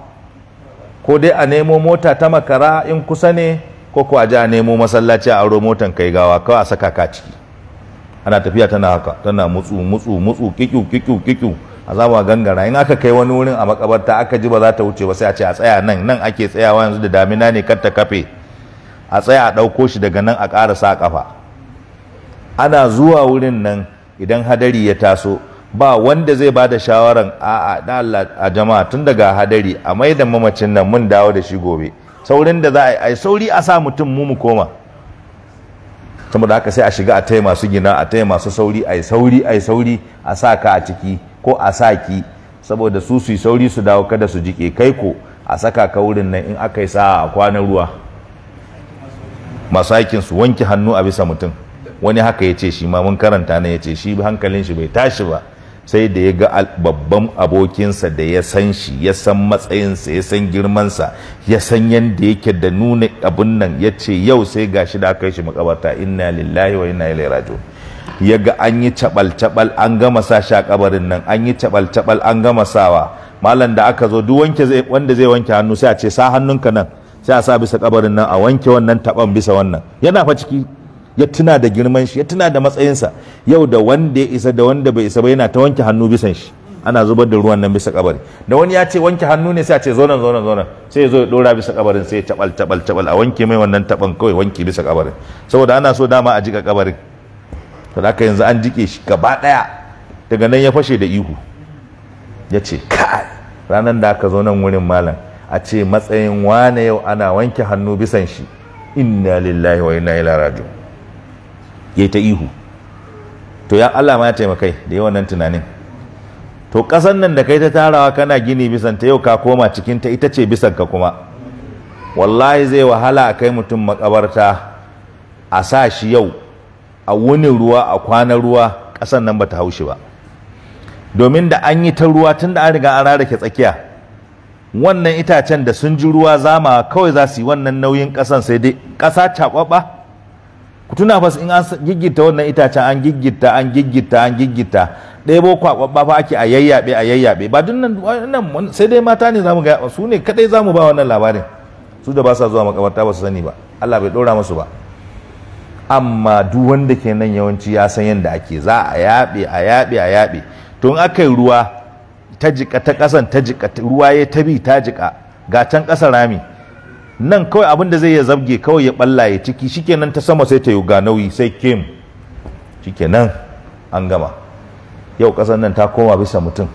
ko dai a nemo mota ta makara in kusa ne ko ko a ji a nemo masallaci a aro motan kai gawa kawai a saka ka ciki ana tafiya tana haka tana mutsu mutsu mutsu kikiu kikiu kikiu a zama gangara in aka kai wani wurin a makabarta aka ji ba za ta wuce ba sai a ce a tsaya nan nan ake tsayawa yanzu da damina ne kar ta kafe a tsaya a ɗauko shi daga nan a ƙara sa ƙafa ana zuwa wurin nan idan hadari ya taso ba wanda zai ba da shawaran a'a da Allah a jama'a tun daga hadari a mai da mamacin nan mun dawo da shi gobe saurin da za a yi sauri a sa mutum mu mu koma saboda haka sai a shiga a taya masu gina a taya masu sauri a yi sauri a yi sauri a sa ka a ciki ko a sa ki saboda su su yi sauri su dawo kada su jike kai ko a saka ka wurin nan in aka yi sa'a a kwanan ruwa masu aikin su wanke hannu a bisa mutum wani haka ya ce shi ma mun karanta na ya ce shi hankalin shi bai tashi ba sai da ya ga babban abokinsa da ya san shi ya san matsayinsa ya san girmansa ya san yadda yake da nuna abin nan ya ce yau sai ga shi da aka yi shi makabarta inna lillahi wa inna ilaihi raji'un ya ga an yi cabal-cabal an gama sa shi kabarin nan an yi cabal-cabal an gama sawa malam da aka zo duk wanda zai wanke hannu sai a ce sa hannunka nan sai a sa bisa kabarin nan a wanke wannan taban bisa wannan yana fa ciki ya tuna da girman shi ya tuna da matsayinsa yau da wanda ya isa da wanda bai isa ba yana ta wanke hannu bisan shi ana zubar da ruwan nan bisa kabari da wani ya ce wanke hannu ne sai a ce nan zo nan sai ya zo ya dora bisa kabarin sai ya tabal tabal tabal a wanke mai wannan taban kawai wanke bisa kabarin saboda ana so dama a jika kabarin to da yanzu an jike shi gaba daya daga nan ya fashe da ihu ya ce kai ranan da aka zo nan wurin malam a ce matsayin wane yau ana wanke hannu bisan shi inna lillahi wa inna ila raju ya ta ihu to ya Allah ma ya taimakai da yawan nan tunanin to kasan nan da kai ta tarawa kana gini bisan ta yau ka koma cikin ta ita ce bisan ka kuma wallahi zai wahala a kai mutum makabarta a sa shi yau a wuni ruwa a kwana ruwa kasan nan ba ta haushi ba domin da an yi ta ruwa tun da an riga an rarake tsakiya wannan itacen da sun ji ruwa zama kawai za su yi wannan nauyin ƙasan sai dai ƙasa caɓaɓa ku tuna fa in an giggita wannan itacen an giggita an giggita an giggita Ɗaya bo kwaɓaɓɓa fa ake a yayyaɓe a yayyaɓe ba duk nan sai dai mata ne zamu ga su ne kadai zamu ba wannan labarin su da ba sa zuwa makabarta ba su sani ba Allah bai ɗora musu ba amma duk wanda ke nan yawanci ya san yadda ake za a yaɓe a yaɓe a yaɓe to in aka yi ruwa ta jika ta kasan ta jika ruwa ya tabi ta jika ga can kasa rami nan kawai abin da zai ya zabge kawai ya ballaye ciki shikenan ta sama sai ta yi ga nauyi sai kim shikenan an gama yau kasan nan ta koma bisa mutum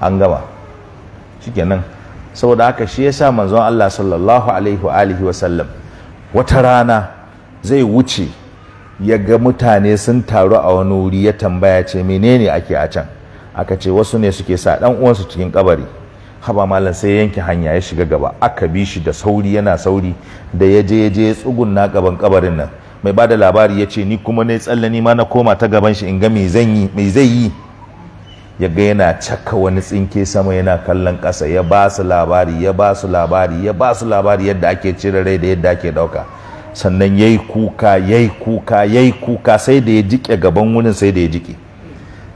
an gama shikenan saboda haka shi yasa manzon Allah sallallahu alaihi wa alihi wa sallam wata rana zai wuce ya ga mutane sun taru a wani wuri ya tambaya ce menene ake a can aka ce wasu ne suke sa dan uwansu cikin kabari haba malam sai yanke hanya ya shiga gaba aka bi shi da sauri yana sauri da ya je je tsugunna gaban kabarin nan mai ba da labari ya ce ni kuma ne ni ma na koma ta gaban shi in ga me zai yi ya ga yana caka wani tsinke sama yana kallon ƙasa ya ba su labari ya ba su labari ya ba su labari yadda ake cire rai da yadda ake ɗauka sannan yayi kuka ya kuka ya kuka sai da ya jike gaban wurin sai da ya jike.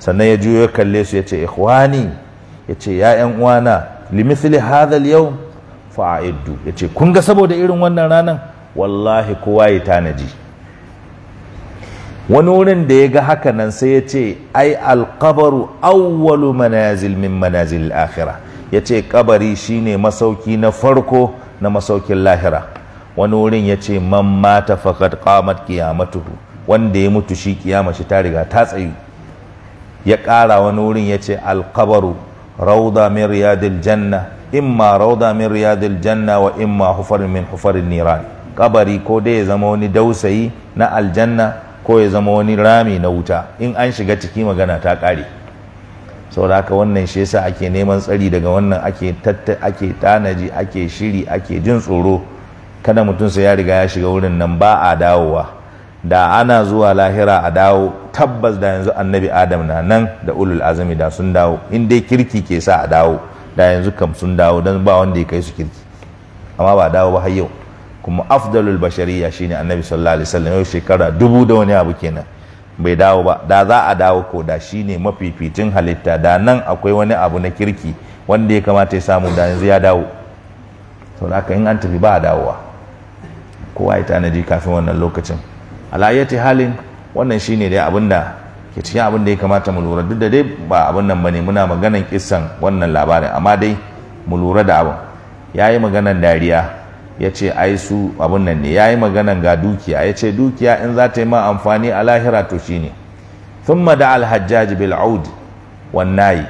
sannan ya juyo kalle su ya ce ikhwani ya ce ya yan uwana limithli hadha al-yawm fa'iddu ya ce kun ga saboda irin wannan ranan wallahi kowa ya tanaji wani wurin da ya ga haka nan sai ya ce ai alkabaru auwalu manazil min manazil yace ya ce kabari shine masauki na farko na masaukin lahira wani wurin ya ce man mata faqad qamat qiyamatuhu wanda ya mutu shi kiyama shi ta riga ta tsayu ya ƙara wani wurin ya ce alkabaru rauda min riyadil janna imma rauda min riyadil janna wa imma hufarin min hufarin niran kabari ko dai ya zama wani dausayi na aljanna ko ya zama wani rami na wuta in an shiga ciki magana ta ƙare saboda haka wannan shi yasa ake neman tsari daga wannan ake tatta ake tanaji ake shiri ake jin tsoro kada mutum sai ya riga ya shiga wurin nan ba a dawowa da ana zuwa lahira a dawo tabbas da yanzu annabi adam na nan da ulul azumi da sun dawo in dai kirki ke sa a dawo da yanzu kam sun dawo don ba wanda ya kai su kirki amma ba dawo ba har yau kuma afdalul bashariya shine annabi sallallahu alaihi wasallam yau shekara dubu da wani abu kenan bai dawo ba da za a dawo ko da shine mafificin halitta da nan akwai wani abu na kirki wanda ya kamata ya samu da yanzu ya dawo to haka in an tafi ba a dawowa kowa ya tanadi kafin wannan lokacin alayati halin wannan shine dai abinda ke cikin abin da ya kamata mu lura duk da dai ba abin nan bane muna maganan kisan wannan labarin amma dai mu lura da abin yayi maganan dariya ya ce ai su abin nan ne ya yi maganan ga dukiya ya ce dukiya in za ta yi ma amfani a lahira to shi ne thumma da alhajjaji bil aud wannayi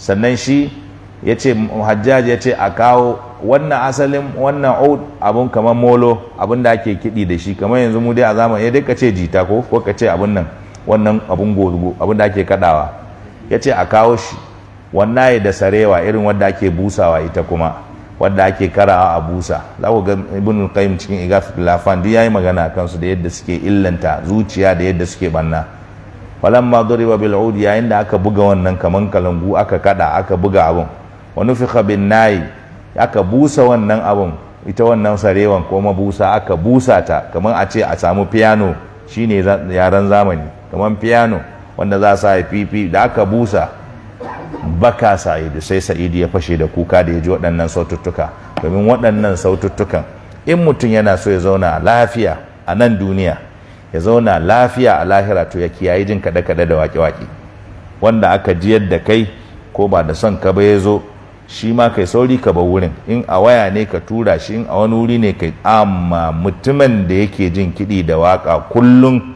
sannan shi ya ce hajjaj ya ce a kawo wannan asalin wannan oud abun kamar molo abun da ake kiɗi da shi kamar yanzu mu dai a zamani ya duka ce jita ko ko ka ce abun nan wannan abun gogo abun da ake kaɗawa ya ce a kawo shi wannan da sarewa irin wadda ake busawa ita kuma wadda ake karawa a busa za ku ga ibn qayyim cikin igaf lafan duk yayi magana kansu da yadda suke illanta zuciya da yadda suke banna falamma duriba bil yayin da aka buga wannan kaman kalangu aka kada aka buga abun wa nufikha bin nayi aka busa wannan abun ita wannan sarewan ko mabusa aka busa ta kamar a ce a samu piano shine yaran zamani kamar piano wanda za sa fifi da aka busa baka sa'idu sai sa'idu ya fashe da kuka da ya ji waɗannan saututtuka domin waɗannan saututtukan in mutum yana so ya zauna lafiya a nan duniya ya zauna lafiya a lahira to ya kiyaye jin kaɗe-kaɗe da waƙe-waƙe wanda aka ji yadda kai ko ba da son ka ba ya zo shi ma kai sauri ka bar wurin in a waya ne ka tura shi in a wani wuri ne kai amma mutumin da yake jin kiɗi da waka kullum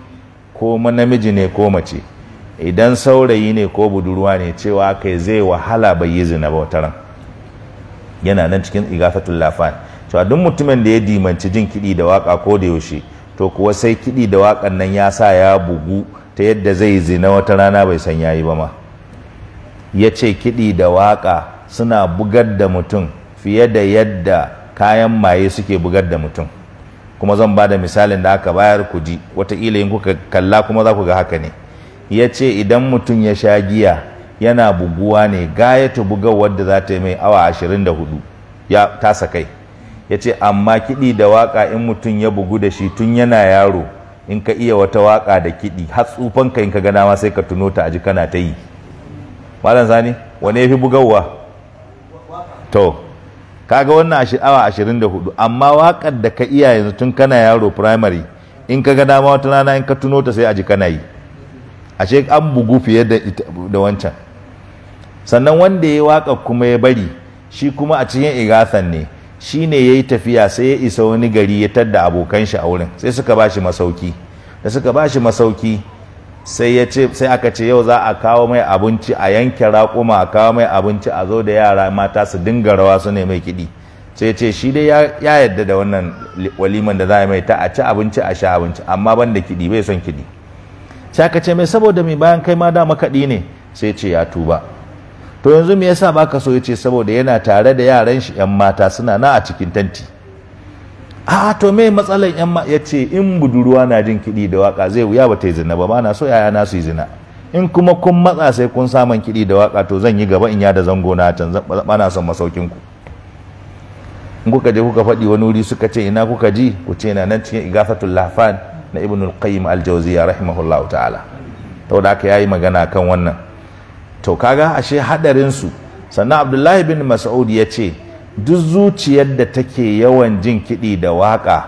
ko namiji ne ko mace idan saurayi ne ko budurwa ne cewa kai zai wahala bai yi zina ba yana nan cikin igafatul lafan cewa duk mutumin da ya dimanci jin kiɗi da waka ko da yaushe to kuwa sai kiɗi da wakan nan ya sa ya bugu ta yadda zai zina wata rana bai san yayi ba ma ya ce kiɗi da waka suna bugar da mutum fiye da yadda kayan maye suke bugar da mutum kuma zan ba da misalin da aka bayar ku ji watakila yin kuka kalla kuma za ku ga haka ne ya ce idan mutum ya sha giya yana buguwa ne gayatu bugawar wadda za ta yi mai awa ashirin da hudu ya tasa kai ya ce amma kiɗi da waƙa in mutum ya bugu da shi tun yana yaro in ka iya wata waka da kiɗi har tsufanka in ka gana ma sai ka tuno ta aji kana ta yi malam sani wane ya fi bugawa to kaga wannan awa ashirin da hudu amma wakar da ka iya yanzu tun kana yaro primary in ka ga dama wata rana in ka tuno ta sai a ji kana yi ashe an bugu fiye da wancan sannan wanda ya yi wakar kuma ya bari shi kuma a cikin igathan ne shi ne ya yi tafiya sai ya isa wani gari ya tadda abokan shi a wurin sai suka ba shi masauki da suka ba shi masauki sai ya ce sai aka ce yau za a kawo mai abinci a yanke raƙuma a kawo mai abinci a zo da yara mata su dinga rawa su ne mai kiɗi sai ya ce shi dai ya yadda da wannan waliman da za a mai ta a ci abinci a sha abinci amma ban da kiɗi bai son kiɗi sai aka ce mai saboda mai bayan kai ma da makaɗi ne sai ce ya tuba to yanzu me yasa baka so ya ce saboda yana tare da yaran shi yan mata suna na a cikin tanti a to me matsalan yan ya ce in budurwa na jin kiɗi da waka zai wuya ba ta yi zina ba ba na so yaya na su yi zina in kuma kun matsa sai kun samun kiɗi da waka to zan yi gaba in ya da zango na can ba na son masaukin ku in kuka je kuka faɗi wani wuri suka ce ina kuka ji ku ce na nan cikin igafatul lafan na al qayyim al-jawziya rahimahullahu ta'ala to da aka yayi magana kan wannan to kaga ashe hadarin su sannan abdullahi bin mas'ud ya ce duk zuciyar da take yawan jin kiɗi da waƙa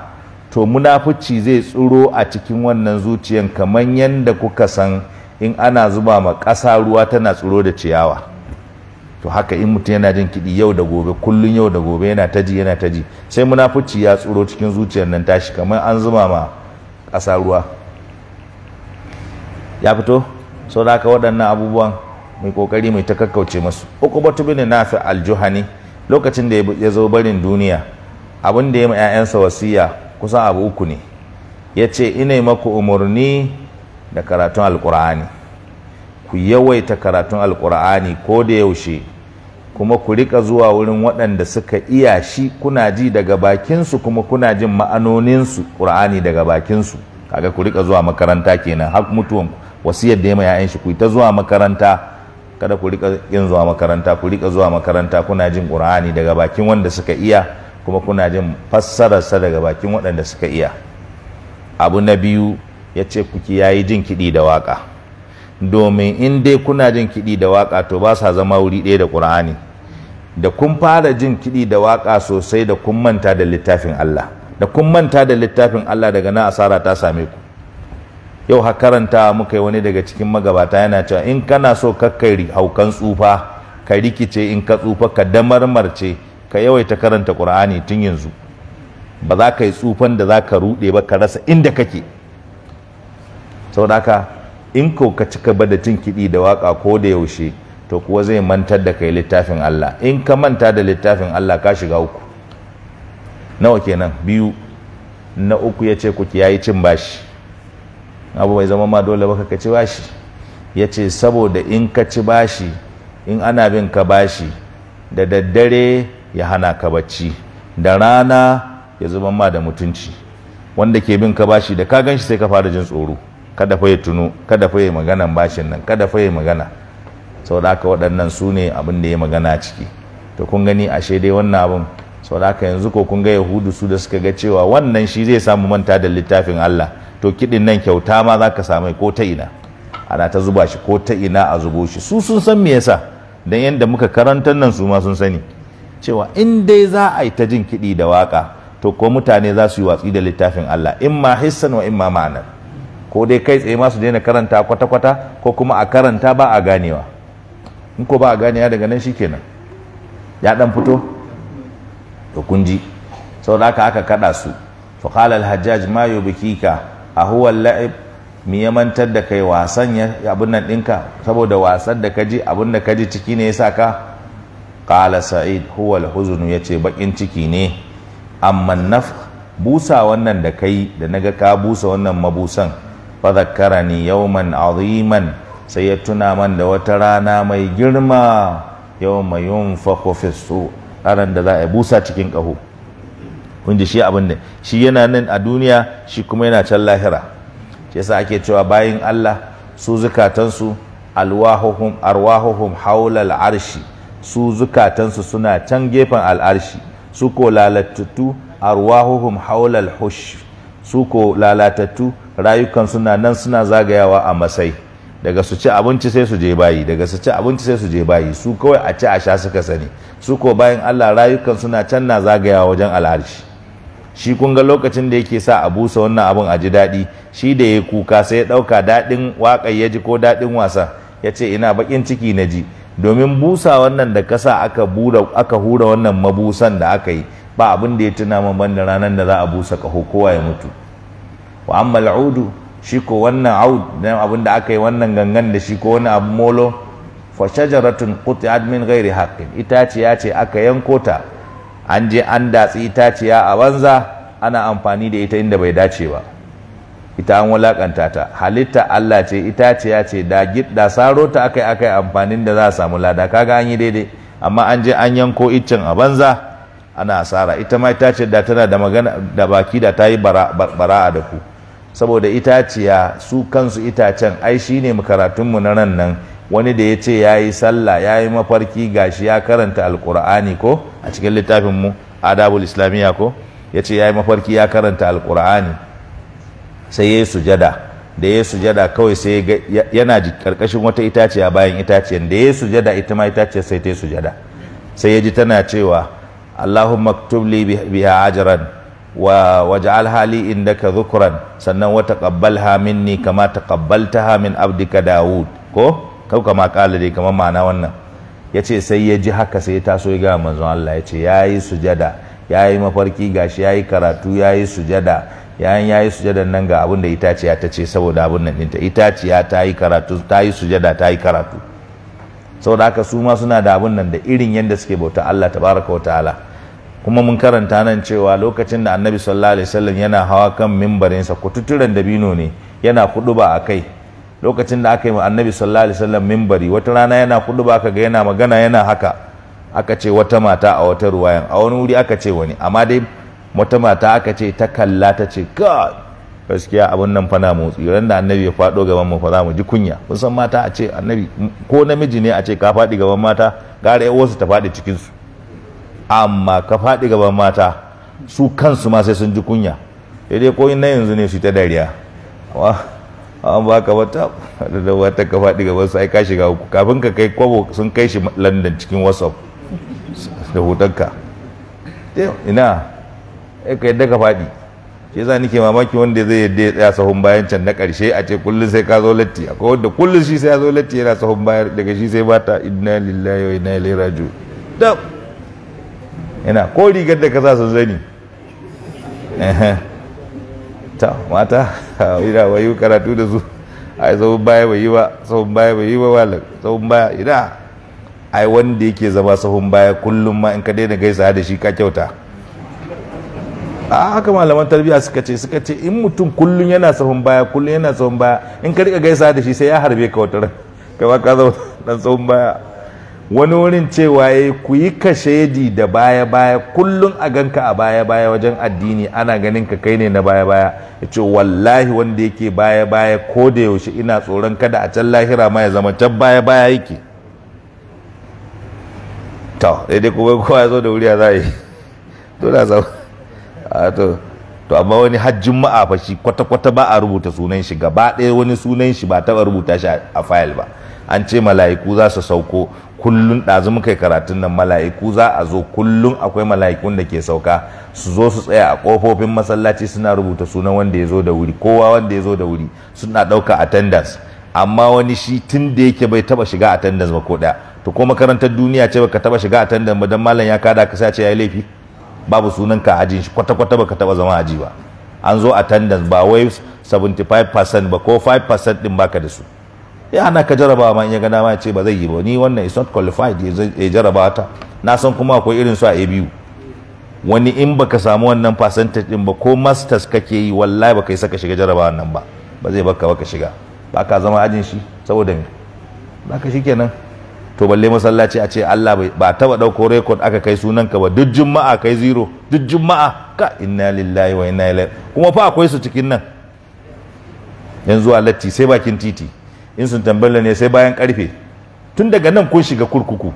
to munafuci zai tsuro a cikin wannan zuciyar, kamar yadda kuka san in ana zuba ma ƙasa ruwa tana tsuro da ciyawa to haka in mutum yana jin kiɗi yau da gobe kullum yau da gobe yana ta ji yana ta ji sai munafuci ya tsuro cikin zuciyar nan tashi kamar an zuba ma ƙasa ruwa ya fito sau da haka waɗannan abubuwan mai ƙoƙari mai ta kakkauce masu uku batu bin nafi aljuhani lokacin da ya zo barin duniya abin da ya ma 'ya'yansa wasiya kusan abu uku ne ya ce ina maku umarni da karatun alkur'ani ku yawaita karatun alkur'ani ko da yaushe kuma ku rika zuwa wurin waɗanda suka iya shi kuna ji daga bakinsu kuma kuna jin ma'anoninsu ƙur'ani daga bakinsu kaga ku rika zuwa makaranta kenan har mutuwan wasiyar da ya ma 'ya'yan shi ku ta zuwa makaranta kada ku rika yin zuwa makaranta ku rika zuwa makaranta kuna jin qur'ani daga bakin wanda suka iya kuma kuna jin fassararsa daga bakin waɗanda suka iya abu na biyu ya ce ku kiyayi jin kiɗi da waƙa domin in dai kuna jin kiɗi da waƙa to ba sa zama wuri ɗaya da ƙur'ani da kun fara jin kiɗi da waƙa sosai da kun manta da littafin Allah da kun manta da littafin Allah daga na asara ta same ku yau ha karanta muka yi wani daga cikin magabata yana cewa in kana so ka kai haukan tsufa ka rikice in ka tsufa ka damarmarce ka yawaita karanta qur'ani tun yanzu ba za ka yi tsufan da za ka ruɗe ba ka rasa inda kake saboda haka in ko ka cika ba da cin kiɗi da waƙa ko da yaushe to kuwa zai mantar da kai littafin Allah in ka manta da littafin Allah ka shiga uku nawa kenan biyu na uku ya ce ku kiyayi cin bashi abu bai zama ma dole ba ka ci bashi ya ce saboda in ka ci bashi in ana bin ka bashi da daddare ya hana ka bacci da rana ya zama ma da mutunci wanda ke bin ka bashi da ka gan shi sai ka fara jin tsoro kada fa ya tuno kada fa ya magana bashin nan kada fa ya magana saboda haka waɗannan su ne abin da ya magana ciki to kun gani ashe dai wannan abin saboda haka yanzu ko kun ga yahudu su da suka ga cewa wannan shi zai samu manta da littafin Allah to kiɗin nan kyauta ma za ka samu ko ta ina ana ta zuba shi ko ta ina a zubo shi su sun san me yasa dan yanda muka karantar nan su ma sun sani cewa in dai za a yi ta jin kiɗi da waka to ko mutane za su yi watsi da littafin Allah in ma hissan wa in ma ma'anar ko dai kai tsaye ma su daina karanta kwata-kwata ko kuma a karanta ba a ganewa in ko ba a ganewa daga nan shikenan ya dan fito to kun ji saboda haka aka kada su fa qala al-hajjaj ma bikika a huwa la'ib mi ya mantar da kai wasan ya abin nan dinka saboda wasan da kaji abin da kaji ciki ne ya sa ka ƙala sa'id huwal huzunu ya ce baƙin ciki ne amma naf busa wannan da kai da naga ka busa wannan mabusan fa zakkarani yawman aziman sai ya tuna man da wata rana mai girma yawma yunfaqu fi su ranar da za a busa cikin ƙaho kun ji shi abin da shi yana nan a duniya shi kuma yana can lahira shi yasa ake cewa bayan Allah su zukatansu alwahuhum arwahuhum haulal arshi su zukatansu suna can gefen al'arshi su ko lalatattu arwahuhum haulal hush su ko lalatattu rayukan suna nan suna zagayawa a masai daga su ci abinci sai su je bayi daga su ci abinci sai su je bayi su kawai a ci a sha suka sani su ko bayan Allah rayukan suna can na zagayawa wajen al'arshi shi kun ga lokacin da yake sa a busa wannan abin a ji daɗi shi da ya kuka sai ya ɗauka daɗin waƙar ya ji ko daɗin wasa ya ce ina baƙin ciki na ji domin busa wannan da kasa aka aka hura wannan mabusan da aka yi ba abin da ya tuna min banda ranar da za a busa ƙaho kowa ya mutu wa amma al'udu shi ko wannan aud na abin da aka yi wannan gangan da shi ko wani abu molo fa shajaratun qut'at min ghairi haqqin itaciya ce aka yanko ta an je an datsi itaciya a banza ana amfani da ita inda bai dace ba ita an wulakanta ta halitta Allah ce itaciya ce da gidda saro ta akai akai amfanin da za a samu lada kaga an yi daidai amma an je an yanko iccen a banza ana asara ita ma itaciyar da tana da magana da baki da ta yi bara'a da ku saboda itaciya su kansu itacen ai shine karatunmu na ran nan wani da ya ce ya yi sallah ya yi mafarki gashi ya karanta alkur'ani ko a cikin littafinmu mu adabul islamiyya ko ya ce ya yi mafarki ya karanta alkur'ani sai ya yi sujada da ya yi sujada kawai sai yana karkashin wata itaciya bayan itaciyar da ya yi sujada ita ma itaciyar sai ta yi sujada sai ya ji tana cewa allahumma ktubli biha ajran wata حالي عندك ذكرا سنن وتقبلها مني ta تقبلتها min abdika dawud ko. kau kama kala dai kamar ma'ana wannan ya ce sai ya ji haka sai ya taso ya gaya manzon Allah ya ce ya yi sujada ya yi mafarki gashi ya yi karatu ya yi sujada yayin ya yi sujada nan ga abin da itaciya ta ce saboda abin nan ɗinta itaciya ta yi karatu ta yi sujada ta yi karatu saboda haka su ma suna da abin nan da irin yadda suke bauta Allah tabaraka wa ta'ala kuma mun karanta nan cewa lokacin da annabi sallallahu alaihi wasallam yana hawa kan mimbarinsa kututturen dabino ne yana kuɗuba a kai lokacin da aka yi annabi sallallahu alaihi wasallam mimbari wata rana yana kudu ba ka ga yana magana yana haka aka ce wata mata a wata ruwayan a wani wuri aka ce wani amma dai wata mata aka ce ta kalla ta ce god gaskiya abun nan fana motsi ran da annabi ya faɗo gaban mu fa za mu ji kunya mun san mata a ce annabi ko namiji ne a ce ka faɗi gaban mata gara wasu ta faɗi cikin su amma ka faɗi gaban mata su kansu ma sai sun ji kunya sai dai ko na yanzu ne su ta dariya an baka wata da wata ka faɗi gaban sai ka shiga uku kafin ka kai kwabo sun kai shi london cikin whatsapp da hotonka ina ai ka yadda ka faɗi ke za nike mamaki wanda zai yadda ya tsaya sahun bayan can na ƙarshe a ce kullum sai ka zo latti akwai wanda kullum shi sai ya zo latti yana sahun bayan daga shi sai bata inna lillahi wa inna ilaihi raji'un ina ko rigar da ka sa sun zani ta mata ina wayo karatu da su ai tsawon baya bai yi ba tsawon baya bai yi ba wala tsawon baya ina ai wanda yake zama sahun baya kullum ma in ka daina gaisa da shi ka kyauta a haka malaman tarbiyya suka ce suka ce in mutum kullum yana sahun baya kullum yana sahun baya in ka rika gaisa da shi sai ya harbe ka wata ran kama ka zama dan sahun baya wani wurin cewa ya ku yi kashedi da baya-baya kullum a ganka a baya-baya wajen addini ana ganin ka kai ne na baya-baya ya ce wallahi wanda yake baya-baya ko da yaushe ina tsoron kada a can lahira ma ya zama can baya-baya yake to daidai kuma kowa ya zo da wuri a za yi za a to to amma wani hajjin ma'a kwata-kwata ba a rubuta sunan shi gaba ɗaya wani sunan shi ba taɓa rubuta shi a fayil ba an ce mala'iku za su sauko kullun ɗazu muka yi karatun nan mala'iku za a zo kullun akwai mala'ikun da ke sauka su zo su tsaya a ƙofofin masallaci suna rubuta sunan wanda ya zo da wuri kowa wanda ya zo da wuri suna ɗauka attendance amma wani shi tun da yake bai taba shiga attendance ba ko ɗaya to ko makarantar duniya ce baka taba shiga attendance ba dan malam ya kada ka ya yayi laifi babu sunan ka ajin shi kwata kwata baka taba zama aji ba an zo attendance ba wai 75% ba ko 5% din baka da su ya ana ka jaraba ma in ya ga dama ya ce ba zai yi ba ni wannan is not qualified ya jaraba ta na san kuma akwai irin su a biyu wani in baka samu wannan percentage din ba ko masters kake yi wallahi baka yi saka shiga jaraba nan ba ba zai baka baka shiga ba ka zama ajin shi saboda me baka shikenan to balle masallaci a ce Allah ba taba dauko record aka kai sunan ka ba duk juma'a kai zero duk juma'a ka inna lillahi wa inna ilaihi kuma fa akwai su cikin nan yanzu a latti sai bakin titi in sun tambayar ne sai bayan karfe tun daga nan kun shiga kurkuku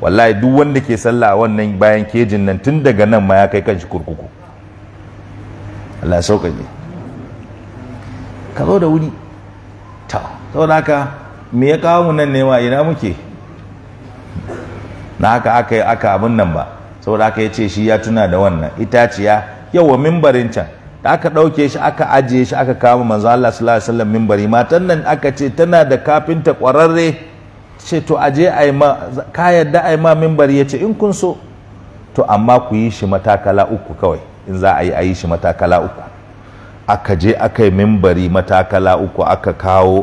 wallahi duk wanda ke sallah wannan bayan kejin nan tun daga nan ma ya kai kan shi kurkuku Allah ne. ka zo da wuri ta saboda haka me ya kawo mu nan ne ina muke na haka aka yi aka abin nan ba saboda haka ya ce shi ya tuna da wannan itaciya yau wa mimbarin can da aka ɗauke shi aka ajiye shi aka kama manzo Allah sallallahu alaihi wasallam minbari matan nan aka ce tana da kafinta ƙwararre ce to aje ai ma ka yadda ai ma minbari yace in kun so to amma ku yi shi matakala uku kawai in za a yi a yi shi matakala uku aka je aka yi minbari matakala uku aka kawo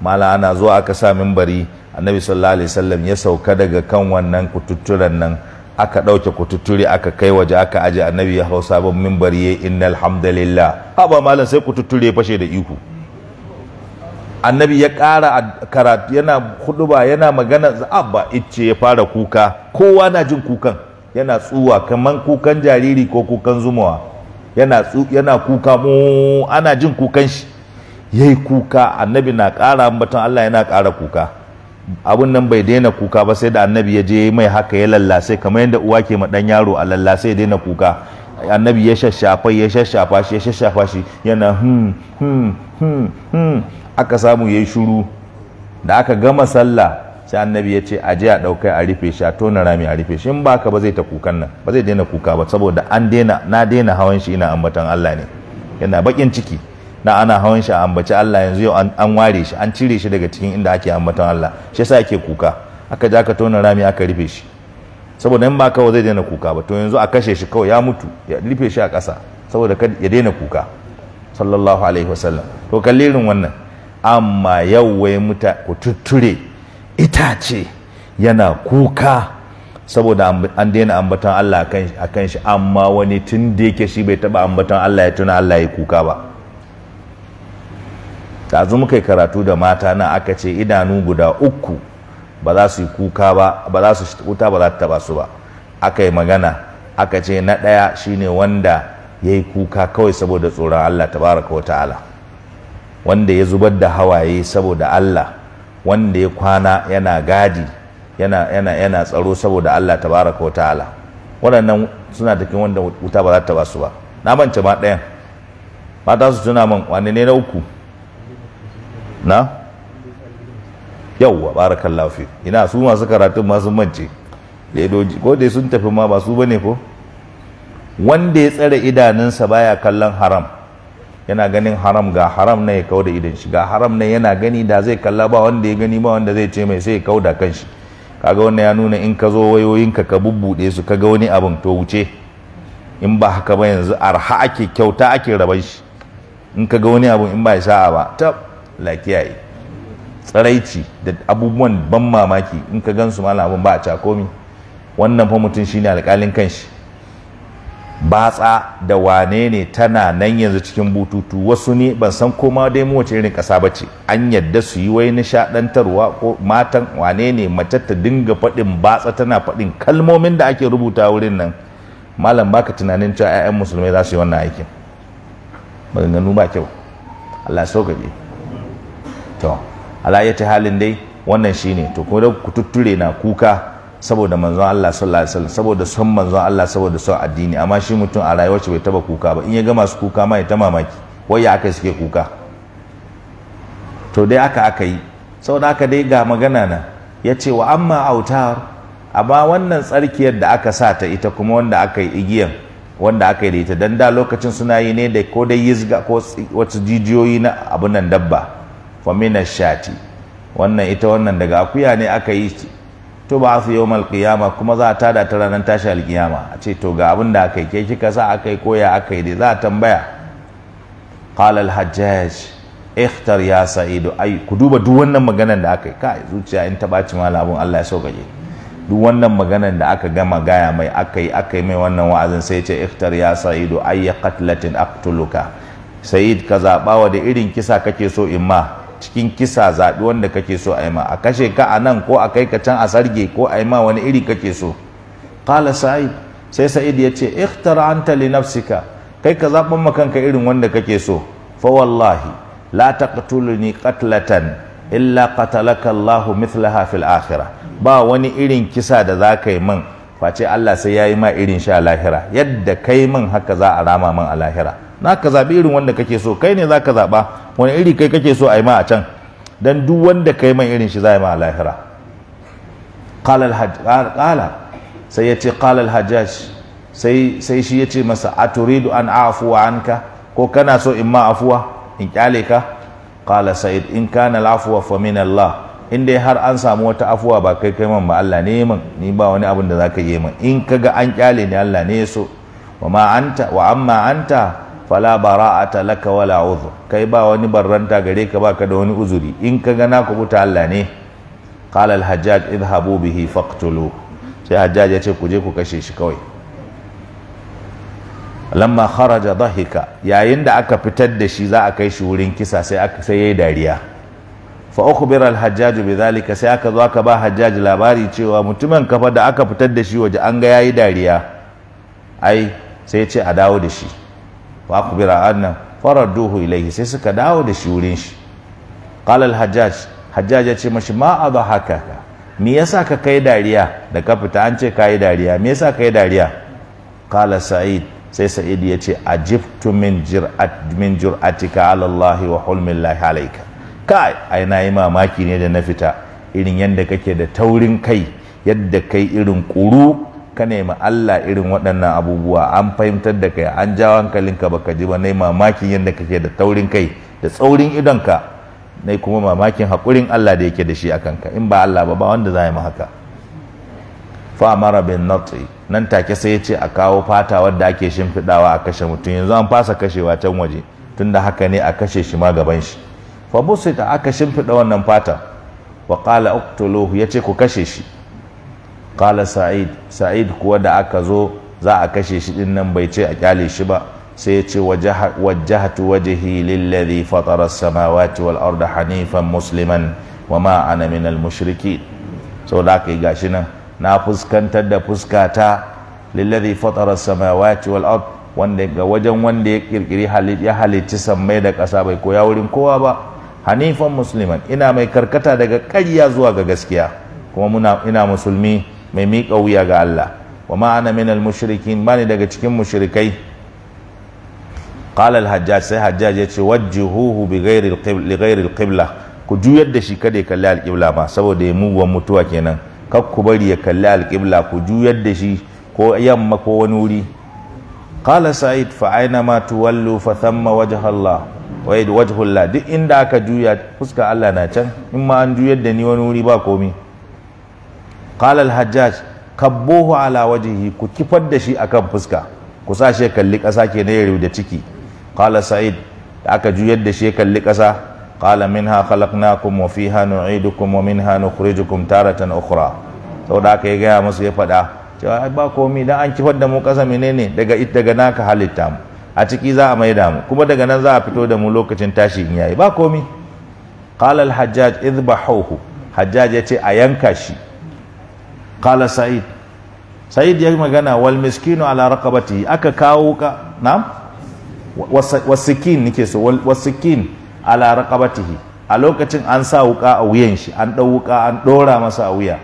mala ana zuwa aka sa minbari annabi sallallahu alaihi wasallam ya sauka daga kan wannan kututturan nan aka ɗauke kututturi aka kai waje aka aje annabi ya hau sabon mimbari ya inna alhamdulillah haɓa malam sai kututturi ya fashe da ihu annabi ya ƙara karatu yana huduba yana magana za'abba icce ya fara kuka kowa na jin kukan yana tsuwa kaman kukan jariri ko kukan zumawa yana kuka mu ana jin kukan shi yayi kuka annabi na ƙara ambaton Allah yana ƙara kuka abun nan bai daina kuka ba sai da annabi ya je mai haka ya lallase kamar yadda uwa ke ma dan yaro a lallase ya daina kuka annabi ya shashafa ya shashafa shi ya shashafa shi yana hmm hmm hmm hmm aka samu yayi shuru da aka gama sallah sai annabi ya ce aje a daukai a rufe shi a tona rami a rufe shi in ba ka ba zai ta kukan nan ba zai daina kuka ba saboda an daina na daina hawan shi ina ambatan Allah ne yana bakin ciki na ana hawan shi a ambaci Allah yanzu yau an ware shi an cire shi daga cikin inda ake ambaton Allah shi yasa yake kuka aka ja ka tona rami aka rufe shi saboda in ba kawai zai daina kuka ba to yanzu a kashe shi kawai ya mutu ya rufe shi a ƙasa saboda ya daina kuka sallallahu alaihi wasallam to kallirin wannan amma yau wai muta ku tutture itace yana kuka saboda an daina ambaton Allah a kan shi amma wani tun da yake shi bai taba ambaton Allah ya tuna Allah ya kuka ba zo muka yi karatu da mata na aka ce idanu guda uku ba za su yi kuka ba ba za su wuta ba za ta taba su ba aka yi magana aka ce na ɗaya shine wanda ya yi kuka kawai saboda tsoron Allah tabaraka wa ta'ala wanda ya zubar da hawaye saboda Allah wanda ya kwana yana gadi yana yana yana tsaro saboda Allah tabaraka wa ta'ala waɗannan suna cikin wanda wuta ba za ta ba su ba na mance ma ɗayan mata su tuna min wani ne na uku na yawwa bara fi ina su masu karatun masu sun mance ledoji ko dai sun tafi ma ba su bane ko wanda ya tsare idanunsa baya kallon haram yana ganin haram ga haram na ya kauda idan shi ga haram na yana gani da zai kalla ba wanda ya gani ba wanda zai ce mai sai ya kauda kanshi kaga wannan ya nuna in ka zo wayoyinka ka bubbuɗe su ka ga wani abin to wuce in ba haka ba yanzu arha ake kyauta ake raban shi in ka ga wani abu in ba ya sa'a ba la tsaraici da abubuwan ban mamaki in ka gan su malam abun ba a cakomi wannan fa mutum shine alƙalin kanshi batsa da wane ne tana nan yanzu cikin bututu wasu ne ban san koma dai mu wace irin ƙasa ba ce an yadda su yi wai nishaɗantarwa ko matan wane ne mace ta dinga faɗin batsa tana faɗin kalmomin da ake rubuta wurin nan malam baka tunanin cewa 'ya'yan musulmai za su yi wannan aikin maganganu ba kyau Allah sauƙaƙe to alayyata halin dai wannan shi ne to ko da ku tutture na kuka saboda manzon Allah sallallahu alaihi wasallam saboda son manzon Allah saboda son addini amma shi mutum a rayuwar shi bai taba kuka ba in ya ga masu kuka ma ya ta mamaki wai ya aka suke kuka to dai aka aka yi saboda aka dai ga magana na ya ce wa amma autar amma wannan tsarkiyar da aka sa ta ita kuma wanda aka yi igiyan wanda aka yi da ita dan da lokacin suna yi ne da ko dai yizga ko wasu jijiyoyi na abunan dabba famina shati wannan ita wannan daga akuya ne aka yi to ba su yau malkiyama kuma za a tada ta ranar tashi alkiyama a ce to ga abin da aka yi ke kika sa aka yi koya aka yi dai za a tambaya qala al-hajjaj ikhtar ya sa'idu ai ku duba duk wannan maganar da aka yi kai zuciya in ta baci malamin Allah ya sauƙaƙe duk wannan maganar da aka gama gaya mai aka yi aka yi mai wannan wa'azin sai ce ikhtar ya sa'idu ay qatlatin aqtuluka sa'id ka zaɓawa da irin kisa kake so in ma cikin kisa zaɓi wanda kake so a a kashe ka a nan ko a kai ka can a sarge ko a wani iri kake so Ƙala sa'id sai sa'id ya ce ikhtar anta li nafsika kai ka zaɓan ma kanka irin wanda kake so fa wallahi la taqtuluni qatlatan illa qatalaka Allahu mithlaha fil akhirah ba wani irin kisa da za ka yi min face Allah sai ya yi ma irin sha lahira yadda kai min haka za a rama min a lahira na ka zaɓi irin wanda kake so kai ne za ka zaɓa wani iri kai kake so a yi ma a can don duk wanda kai mai irin shi za a yi ma a lahira ƙala sai ya ce ƙalal hajjaj sai shi ya ce masa a turidu an afuwa an ka ko kana so in ma afuwa in kyale ka ƙala sa'id in kana lafuwa fa min Allah in dai har an samu wata afuwa ba kai kai man ba Allah ne min ni ba wani abin da zaka yi min in kaga an kyale ni Allah ne so wa ma anta wa fala bara'ata laka wala uzur kai ba wani barranta gare ka baka da wani uzuri in ka gana ku buta Allah ne qala al-hajjaj idhabu bihi faqtulu sai hajjaj ya ce ku je ku kashe shi kawai lamma kharaja dhahika yayin da aka fitar da shi za a kai shi wurin kisa sai aka sai yayi dariya fa ukhbira al-hajjaj bidhalika sai aka zo aka ba hajjaj labari cewa mutumin kafa da aka fitar da shi waje an ga yayi dariya ai sai ya ce a dawo da shi fa Farar anna faradduhu ilayhi sai suka dawo da shi wurin shi qala al-hajjaj hajjaj ya ce mashi ma adhaka me yasa ka kai dariya da ka fita an ce kai dariya me yasa kai dariya qala sa'id sai sa'id ya ce ajibtu min jir'at min jur'atika ala wa hulmin alayka kai ai na yi mamaki ne da na fita irin yadda kake da taurin kai yadda kai irin kuru ka nemi Allah irin waɗannan abubuwa an fahimtar da kai an jawo hankalinka baka ji ba nai mamakin yadda kake da taurin kai da tsaurin ka nai kuma mamakin haƙurin Allah da yake da shi a kanka in ba Allah ba ba wanda za mu haka fa mara bin nati nan take sai ya ce a kawo fata wadda ake shimfiɗawa a kashe mutum yanzu an fasa kashewa can waje tunda haka ne a kashe shi ma gaban shi fa busita aka shimfiɗa wannan fata wa qala uqtuluhu yace ku kashe shi qala sa'id sa'id kuwa da aka zo za a kashe shi din nan bai ce a kyale shi ba sai ya ce wajjahatu wajhi lilladhi fatara as-samawati wal arda hanifan musliman wama ana minal mushriki sau gashi nan na fuskantar da fuskata lillazi fatara samawati wal ard ga wajen wanda ya kirkiri ya halicci sammai da ƙasa bai koya wurin kowa ba hanifan musliman ina mai karkata daga ƙarya zuwa ga gaskiya kuma muna ina musulmi mai miƙa wuya ga Allah wa ma'ana ana al mushrikin ni daga cikin mushrikai qala al-hajjaj sai hajjaj ya ce wajjihuhu bi ghairi al ku juyar da shi kada ya kalli al-qibla ma saboda ya muguwan mutuwa kenan kar ku bari ya kalli al-qibla ku juyar da shi ko yamma ko wani wuri qala sa'id fa aina ma tuwallu fa thamma wajha Allah Allah duk inda aka juya fuska Allah na can in ma an juyar da ni wani wuri ba komai qala al-hajjaj kabbuhu ala wajhihi ku kifar da shi akan fuska ku sa shi kalli ƙasa ke na yaro da ciki qala sa'id da aka juyar da shi kalli ƙasa qala minha khalaqnakum wa fiha nu'idukum wa minha nukhrijukum taratan ukhra saboda aka ya gaya musu ya faɗa cewa ba komi dan an kifar da mu ƙasa menene daga daga naka halitta mu a ciki za a maida mu kuma daga nan za a fito da mu lokacin tashi in yayi ba komi hajjaj idhbahuhu hajjaj ya ce a yanka shi Kala sa'id sa'id ya magana wal miskinu ala raqabati aka kawo ka na'am wasikin nake so wasikin ala raqabatihi a lokacin an sa wuka a wuyan shi an dau wuka an dora masa a wuya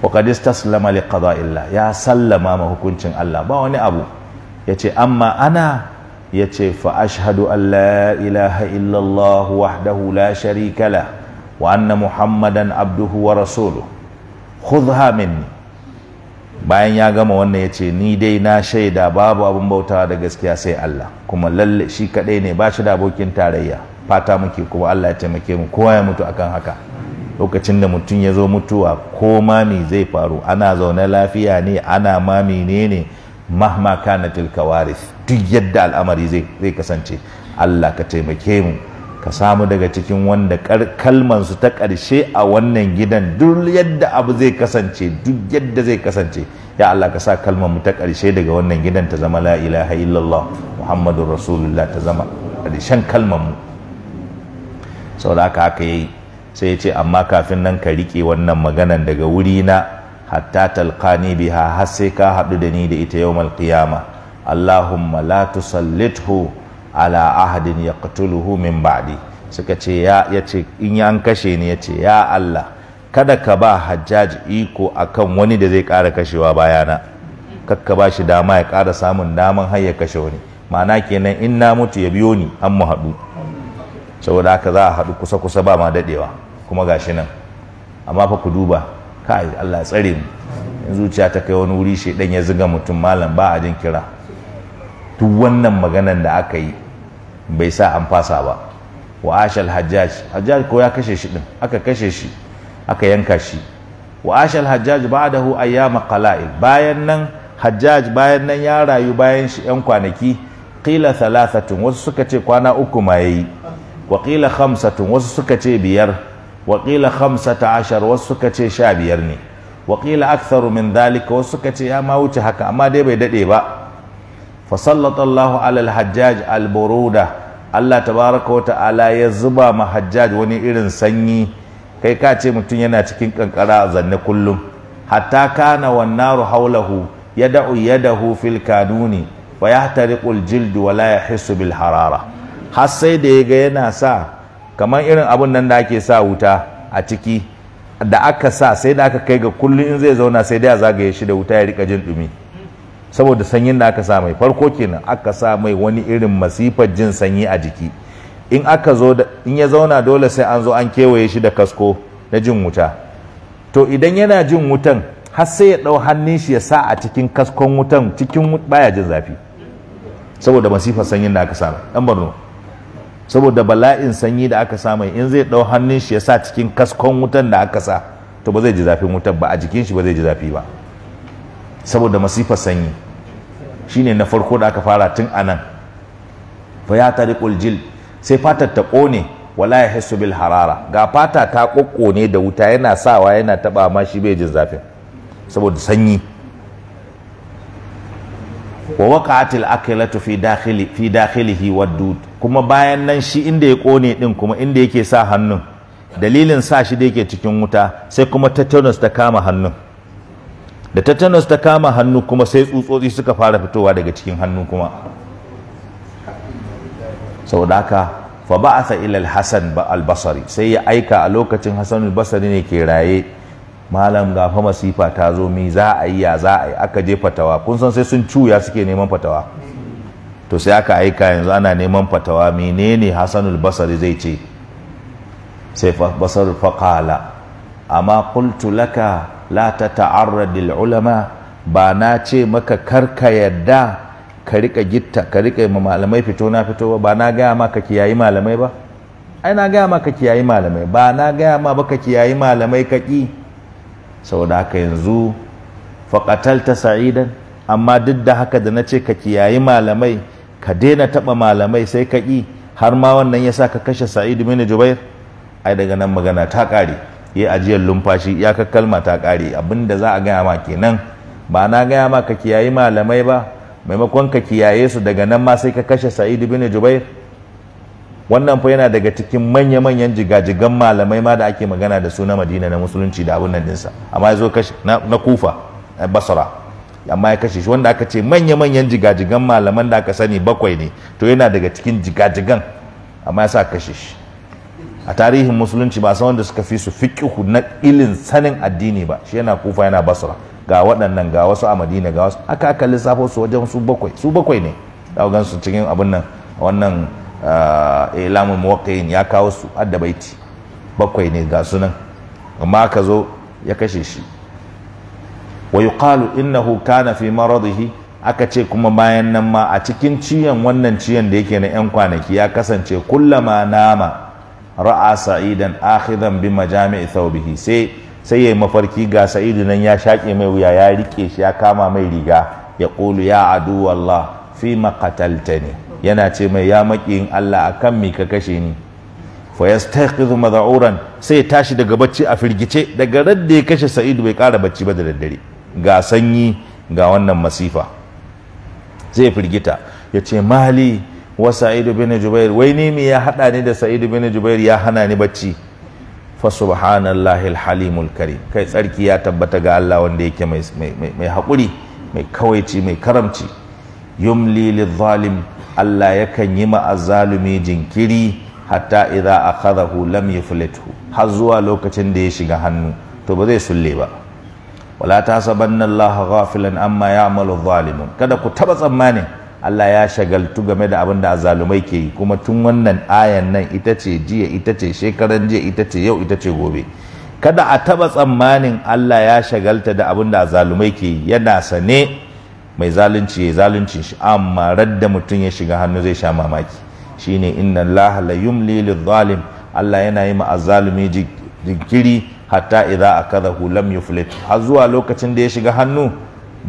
wa qad istaslama li qada'illah ya sallama ma hukuncin Allah ba wani abu yace amma ana yace fa ashhadu an la ilaha illallah wahdahu la sharika la wa anna muhammadan abduhu wa rasuluhu khudha minni bayan ya gama wannan ya ce ni dai na shaida babu abin bautawa da gaskiya sai Allah kuma lalle shi kadai ne ba shi da abokin tarayya fata muke kuma Allah ya taimake mu kowa ya mutu akan haka lokacin da mutum ya zo mutuwa ko mami zai faru ana zaune lafiya ne ana mami ne ne mahma kana tilka duk yadda al'amari zai kasance Allah ka taimake mu ka samu daga cikin wanda kalmansu ta ƙarshe a wannan gidan duk yadda abu zai kasance duk yadda zai kasance ya Allah ka sa kalmar mu ta ƙarshe daga wannan gidan ta zama la ilaha illallah Muhammadu rasulullah ta zama ƙarshen kalmar mu saboda haka haka yi, sai ya ce amma kafin nan ka riƙe wannan maganan daga wuri na hatta talqani biha har sai ka haɗu da ni da ita yawmal qiyama allahumma la tusallithu ala ahadin ya yaqtuluhu min ba'di suka ce ya yace in ya an kashe ni yace ya Allah kada ka ba Hajjaj iko akan wani da zai ƙara kashewa bayana kakka ba shi dama ya ƙara samun daman har ya kashe wani ma'ana kenan in na mutu ya biyo ni an mu haɗu saboda aka za a haɗu kusa kusa ba ma daɗewa kuma gashi nan amma fa ku duba kai Allah tsare mu in zuciya ta kai wani wuri shi ya ziga mutum malam ba a jin kira duk wannan maganan da aka yi bai sa an fasa ba wa ashal hajjaj hajjaj ko ya kashe shi din aka kashe shi aka yanka shi wa ashal hajjaj ba'dahu ayyama qala'il bayan nan hajjaj bayan nan ya rayu bayan shi yan kwanaki qila thalathatun wasu suka ce kwana uku ma yayi wa qila khamsatun wasu suka ce biyar wa qila khamsata ashar wasu suka ce sha biyar ne wa qila aktharu min dhalika wasu suka ce ya ma wuce haka amma dai bai dade ba fasallata Allahu alal hajjaj alburuda Allah tabaraka wa ta'ala ya zuba ma hajjaj wani irin sanyi kai ka ce mutum yana cikin kankara a zanne kullum hatta kana wan naru haulahu yad'u yadahu fil kanuni wa yahtariqu al jild wa la yahissu bil harara har sai da ya ga yana sa kamar irin abun nan da ake sa wuta a ciki da aka sa sai da aka kai ga kullum in zai zauna sai da ya zagaye shi da wuta ya rika jin ɗumi. saboda sanyin da aka sa mai farko kenan aka sa mai wani irin masifar jin sanyi a jiki in aka zo in ya zauna dole sai an zo an kewaye shi da kasko na jin wuta to idan yana jin wutan har sai ya ɗau hannun shi ya sa a cikin kaskon wutan cikin baya jin zafi saboda masifar sanyin da aka sa mai dan barno saboda bala'in sanyi da aka sa mai in zai ɗau hannun shi ya sa cikin kaskon wutan da aka sa to ba zai ji zafin wutan ba a jikin shi ba zai ji zafi ba saboda masifar sanyi shine na farko da aka fara tun anan fa ya tariqul jil sai fatar ta kone wala ya hisu bil harara ga fata ta ne da wuta yana sawa yana taɓa ma shi bai jin zafin saboda sanyi wa waqa'atil akilatu fi dakhili fi dakhilihi waddud kuma bayan nan shi inda ya ƙone ɗin kuma inda yake sa hannun dalilin sa shi da yake cikin wuta sai kuma tetanus ta kama hannun da tetanus ta kama hannu kuma sai tsutsotsi suka fara fitowa daga cikin hannu kuma sau da haka fa ba'atha ila al al basari sai ya aika a lokacin hassan al ne ke raye malam ga fa masifa ta zo mi za a yi ya za a yi aka je fatawa kun san sai sun cuya suke neman fatawa to sai aka aika yanzu ana neman fatawa menene hassan al zai ce sai fa basar faqala amma qultu laka la ta ta'arradil ulama ba na ce maka karka yadda ka rika gitta ka rika yi malamai fito na fito ba ba na gaya ma ka kiyayi malamai ba ai na gaya ma ka kiyayi malamai ba na gaya ma ba ka kiyayi malamai ka ƙi saboda haka yanzu faƙatalta ta sa'idan amma duk da haka da na ce ka kiyayi malamai ka daina taɓa malamai sai ka ƙi har ma wannan ya sa ka kashe sa'idu mini jubair ai daga nan magana ta ƙare ya ajiyar lumfashi ya kalma ta kare abinda za a gaya ma kenan ba na gaya ma ka kiyaye malamai ba maimakon ka kiyaye su daga nan ma sai ka kashe sa'idu bin jubair wannan fa yana daga cikin manya-manyan jigajigan malamai ma da ake magana da su na madina na musulunci da abin nan dinsa amma ya zo kashe na kufa basara amma ya kashe shi wanda aka ce manya-manyan jigajigan malaman da aka sani bakwai ne to yana daga cikin jigajigan amma ya sa kashe shi a tarihin musulunci ba san wanda suka fi su fiqihu na ilin sanin addini ba shi yana kufa yana basra ga waɗannan ga wasu a madina ga wasu aka aka lissafo su wajen su bakwai su bakwai ne gan su cikin abin nan wannan eh, ilamin muwaqqi'in ya kawo su adda baiti bakwai ne ga sunan amma ka zo ya kashe shi wa yuqalu innahu kana fi maradihi aka ce kuma bayan nan ma a cikin ciyan wannan ciyan da yake na 'yan kwanaki ya kasance kullama nama ra'a sa'idan akhidan bi majami'i thawbihi sai sai yayi mafarki ga sa'idu nan ya shake mai wuya ya rike shi ya kama mai riga ya qulu ya adu wallah fi ma qataltani yana ce mai ya makin Allah akan mi ka kashe ni fa yastaqidhu mad'uran sai tashi daga bacci a firgice daga radda ya kashe sa'idu bai kara bacci ba da daddare ga sanyi ga wannan masifa zai firgita ya ce mali wa sa'idu bin jubair wai ni me ya hada ni da sa'idu bin jubair ya hana ni bacci fa subhanallahi alhalimul karim kai tsarki ya tabbata ga Allah wanda yake mai mai hakuri mai kawaici mai karamci yumli lidh Allah yakan yi ma azalumi jinkiri hatta idza akhadahu lam yuflithu har zuwa lokacin da ya shiga hannu to ba zai sulle ba wala tasabanna Allah ghafilan amma ya'malu zalimun kada ku taba tsammanin Allah ya shagaltu game da abin da azalumai ke yi kuma tun wannan ayan nan ita ce jiya ita ce shekaran jiya ita ce yau ita ce gobe kada a taba tsammanin Allah ya shagalta da abin da azalumai ke yi yana sane mai zalunci ya zalunci shi amma radda mutum ya shiga hannu zai sha mamaki shine inna Allah la yumli lidh-dhalim Allah yana yi ma azalumi jinkiri hatta idza akadahu lam yuflit har zuwa lokacin da ya shiga hannu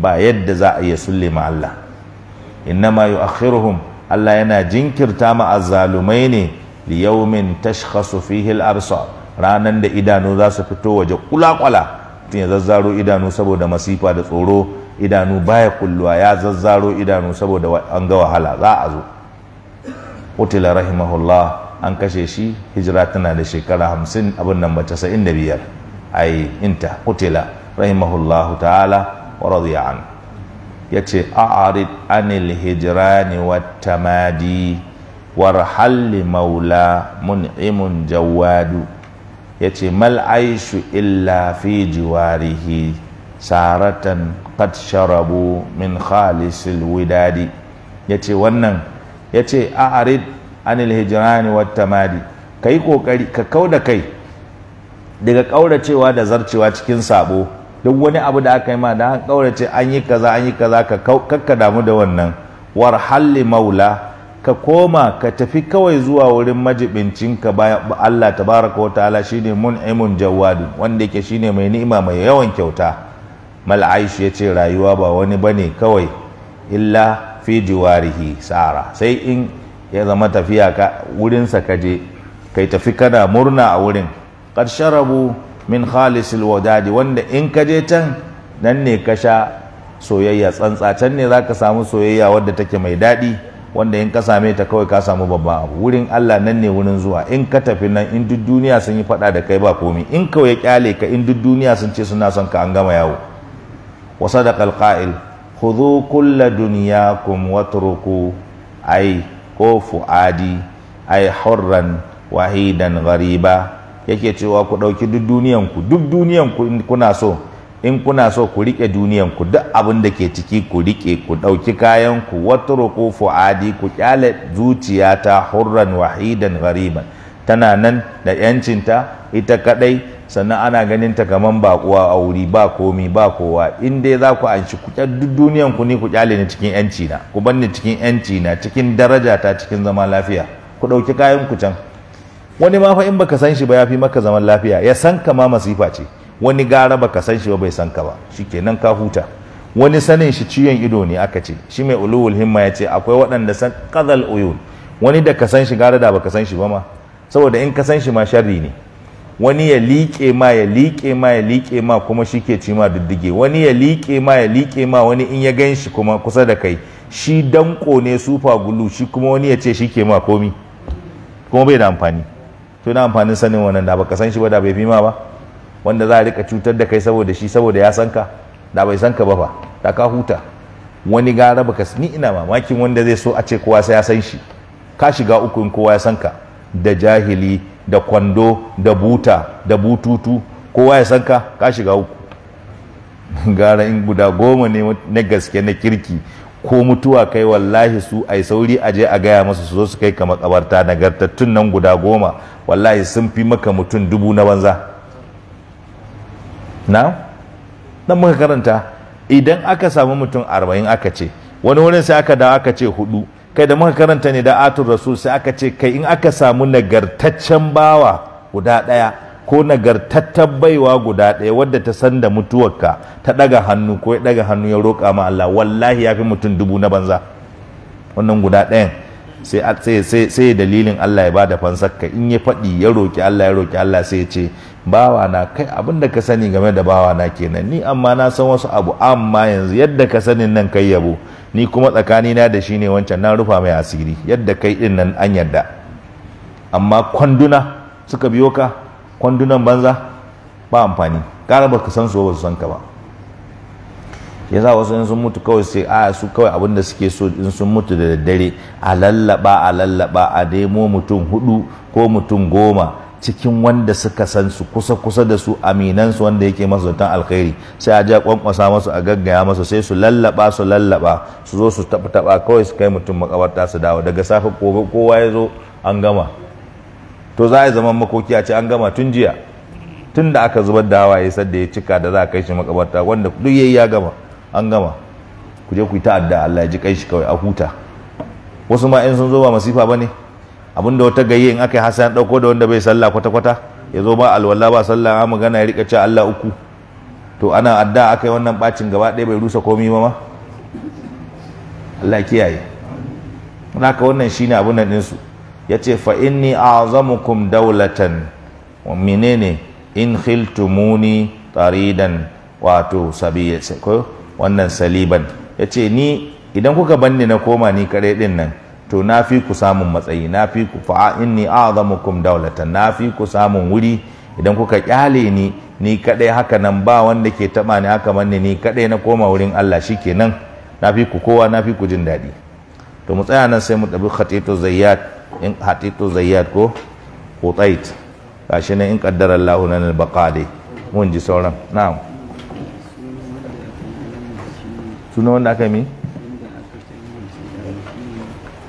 ba yadda za a iya sulle ma Allah innama yu'akhiruhum Allah yana jinkirta ma azzalumai ne li yawmin tashkhasu fihi al-absar ranan da idanu za su fito waje kulakwala tun ya zazzaro idanu saboda masifa da tsoro idanu baya kulluwa ya zazzaro idanu saboda an ga wahala za a zo utila rahimahullah an kashe shi hijira tana da shekara hamsin abin nan casa'in da biyar ai inta utila rahimahullahu ta'ala wa radiya anhu ya ce a'arid anil hijrani wattamadi warhalli maula mun'imun jawadu ya ce mal aishu illa fi jiwarihi saratan qad sharabu min khalisil widadi ya ce wannan ya ce a'arid anil hijrani wattamadi ka yi kokari ka kau da kai daga kauracewa da zarcewa cikin sabo duk wani abu da aka yi ma da an kaurace an yi kaza an yi kaza ka kakka damu da wannan warhalli maula ka koma ka tafi kawai zuwa wurin majibincinka bayan Allah tabaraka wa ta'ala shine mun'imun jawadin wanda yake shine mai ni'ima mai yawan kyauta mal'aishi ya ce rayuwa ba wani bane kawai illa fi jiwarihi sara sai in ya zama tafiya ka wurinsa ka je kai tafi kana murna a wurin qad sharabu min khalisil wadadi wanda in ka je can nan ne ka sha soyayya tsantsa can ne zaka samu soyayya wadda take mai daɗi wanda in ka same ta kawai ka samu babban wurin Allah nan ne wurin zuwa in ka tafi nan in duk duniya sun yi faɗa da kai ba komi in ka ya kyale ka in duk duniya sun ce suna son ka an gama yawo wa sadaqal qa'il khudhu kull dunyakum watruku ai ko fuadi ay hurran wahidan ghariba yake cewa ku ɗauki duk duniyanku duk duniyanku in kuna so in kuna so ku riƙe duniyanku duk abin da ke ciki ku rike ku ɗauki kayanku wata roƙo fu'adi ku ƙyale zuciyata hurran wahidan ghariban tana nan da yancinta ita kadai sannan ana ganin ta kaman ba kuwa a wuri ba komi ba kowa in dai za ku anshi ku duk duniyan ku ni ku kyale ni cikin yanci na ku banni cikin yanci na cikin daraja ta cikin zama lafiya ku ɗauki kayan ku can wani ma fa in baka san shi ba ya fi maka zaman lafiya ya san ka ma masifa ce wani gara baka san shi ba bai san ka ba shikenan ka huta wani sanin shi ciyon ido ne aka ce shi mai ulul himma ya ce akwai waɗanda san qadal uyun wani da ka san shi gara da baka san shi ba ma saboda in ka san shi ma sharri ne wani ya liƙe ma ya liƙe ma ya liƙe ma kuma shi ke ci ma diddige wani ya liƙe ma ya liƙe ma wani in ya gan shi kuma kusa da kai shi danko ne sufa gulu shi kuma wani ya ce shi ke ma komi kuma bai da amfani to na amfanin sanin wannan da baka san shi ba da bai fi ma ba wanda za a rika cutar da kai saboda shi saboda ya san ka da bai san ka ba fa da ka huta wani gara baka ni ina mamakin wanda zai so a ce kowa sai ya san shi ka shiga uku in kowa ya san ka da jahili da kwando da buta da bututu kowa ya san ka ka shiga uku gara in guda goma ne na gaske na kirki ko mutuwa kai wallahi su ai sauri a je a gaya masa su zo su kai ka makabarta nagartattun nan guda goma wallahi sun fi maka mutum dubu na banza na nan muka karanta idan aka samu mutum arba'in aka ce wani wurin sai aka dawo aka ce hudu kai da muka karanta ne da atur rasul sai aka ce kai in aka samu nagartaccen bawa guda ɗaya ko nagartattar baiwa guda ɗaya wadda ta san da mutuwarka ta ɗaga hannu ko ya ɗaga hannu ya roƙa ma Allah wallahi ya fi mutum dubu na banza wannan guda ɗayan sai dalilin Allah ya ba bada fansarka in ya faɗi ya roƙi Allah ya roƙi Allah sai ya ce bawa na kai abin da ka sani game da bawa na kenan ni amma na san wasu abu amma yanzu yadda ka sanin nan kai yabo ni kuma tsakani na da shi ne wancan na rufa mai asiri yadda kai ɗin nan an yadda amma kwanduna suka biyo ka kwandunan banza ba amfani ƙara ba ka san su ba su san ka ba ya za wasu in sun mutu kawai sai a su kawai abin da suke so in sun mutu da daddare a lallaba a lallaba a daimo mutum hudu ko mutum goma cikin wanda suka san su kusa kusa da su aminan su wanda yake masu zaton alkhairi sai a ja kwankwasa masu a gaggaya masu sai su lallaba su lallaba su zo su taba taba kawai su kai mutum makabarta su dawo daga safe kowa ya zo an gama to za a zaman makoki a ci an gama tun jiya tun da aka zubar da hawaye sadda ya cika da za a kai shi makabarta wanda duk yayi ya gama an gama ku je ku yi ta'adda Allah ya ji kai shi kawai a huta wasu ma in sun zo ba masifa bane abinda wata gayye in aka yi hasan dauko da wanda bai sallah kwata kwata ya zo ba alwala ba sallah a magana ya rika ce Allah uku to ana adda aka yi wannan bacin gaba ɗaya bai rusa komai ba ma Allah kiyaye haka wannan shine abun nan ɗinsu ya ce fa inni a'zamukum daulatan wa menene in khiltumuni taridan wato sabiya ko wannan saliban ya ce ni idan kuka banni na koma ni kare din nan to na fi ku samun matsayi na fi ku fa inni a'zamukum daulatan na fi ku samun wuri idan kuka kyale ni ni kadai haka nan ba wanda ke taba ni haka manne ni kadai na koma wurin Allah shikenan na fi ku kowa na fi ku jin daɗi to mu tsaya nan sai mu ɗabi khatitu zayyat in hatitu zayyad ko hutait gashi ne in kaddara Allah nan al-baqadi mun ji sauran na'am suna wanda aka mi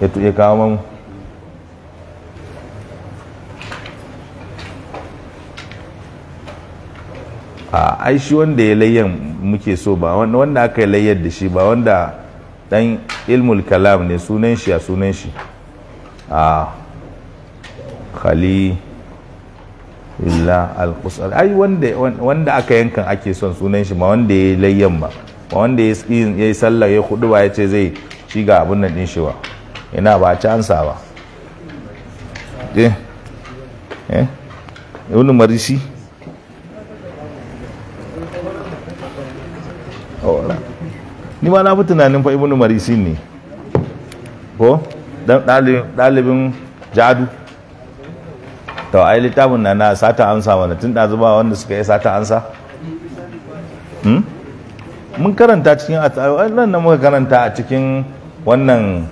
ya tuye kawo mamu a aishi wanda ya layyan muke so ba wanda aka layyar da shi ba wanda dan ilmul kalam ne sunan shi a sunan shi a khali illa al-qusar ai wanda wanda aka yankan ake son sunan shi ma wanda yayi layyan ma ba wanda yayi yi sallah yayi hudu ba ya zai ci ga abun nan din shi ba ina ba ci sa ba eh eh wani marisi ni ma na fi tunanin fa ibnu marisi ne ko ɗalibin jadu to ai littafin na na sata ansa mana tun ɗazu ba wanda suka yi sata ansa hmm? mun karanta cikin Nan muka karanta a cikin wannan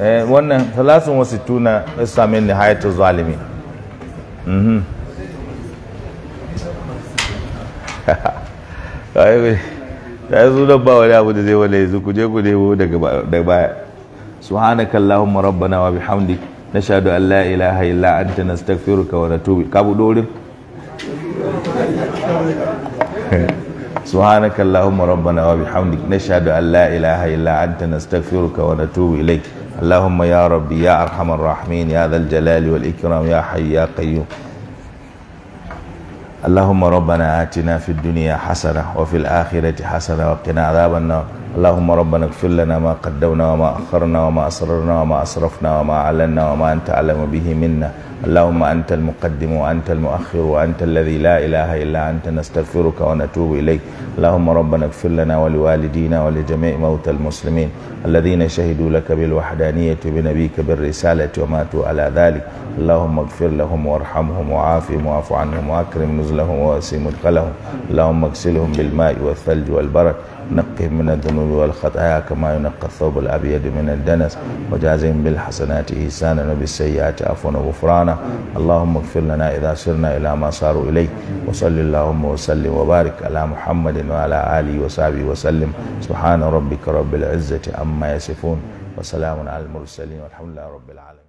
eh, wannan talatin wasu tuna islamin nihayatu zalimi ta yi zuwa ba wani abu da zai wale yanzu ku je ku nemo daga baya subhanaka allahumma rabbana wa bihamdik nashhadu an la ilaha illa anta nastaghfiruka wa natubu ka bu dorin subhanaka allahumma rabbana wa bihamdik nashhadu la ilaha illa anta nastaghfiruka wa natubu ilayk اللهم يا ربي يا ارحم الراحمين يا ذا الجلال والاكرام يا حي يا قيوم اللهم ربنا آتنا في الدنيا حسنة وفي الآخرة حسنة وقنا عذاب النار اللهم ربنا اغفر لنا ما قدمنا وما أخرنا وما أسررنا وما أسرفنا وما أعلنا وما أنت أعلم به منا اللهم أنت المقدم وأنت المؤخر وأنت الذي لا إله إلا أنت نستغفرك ونتوب إليك اللهم ربنا اغفر لنا ولوالدينا ولجميع موتى المسلمين الذين شهدوا لك بالوحدانية بنبيك بالرسالة وماتوا على ذلك اللهم اغفر لهم وارحمهم وعافهم واعف عنهم وأكرم نزلهم واسم مدخلهم اللهم اغسلهم بالماء والثلج والبرد نقهم من الذنوب والخطايا كما ينقى الثوب الأبيض من الدنس وجازهم بالحسنات إحسانا وبالسيئات عفوا وغفرانا اللهم اغفر لنا إذا سرنا إلى ما صاروا إليه وصل اللهم وسلم وبارك على محمد وعلى آله وصحبه وسلم سبحان ربك رب العزة عما يصفون وسلام على المرسلين والحمد لله رب العالمين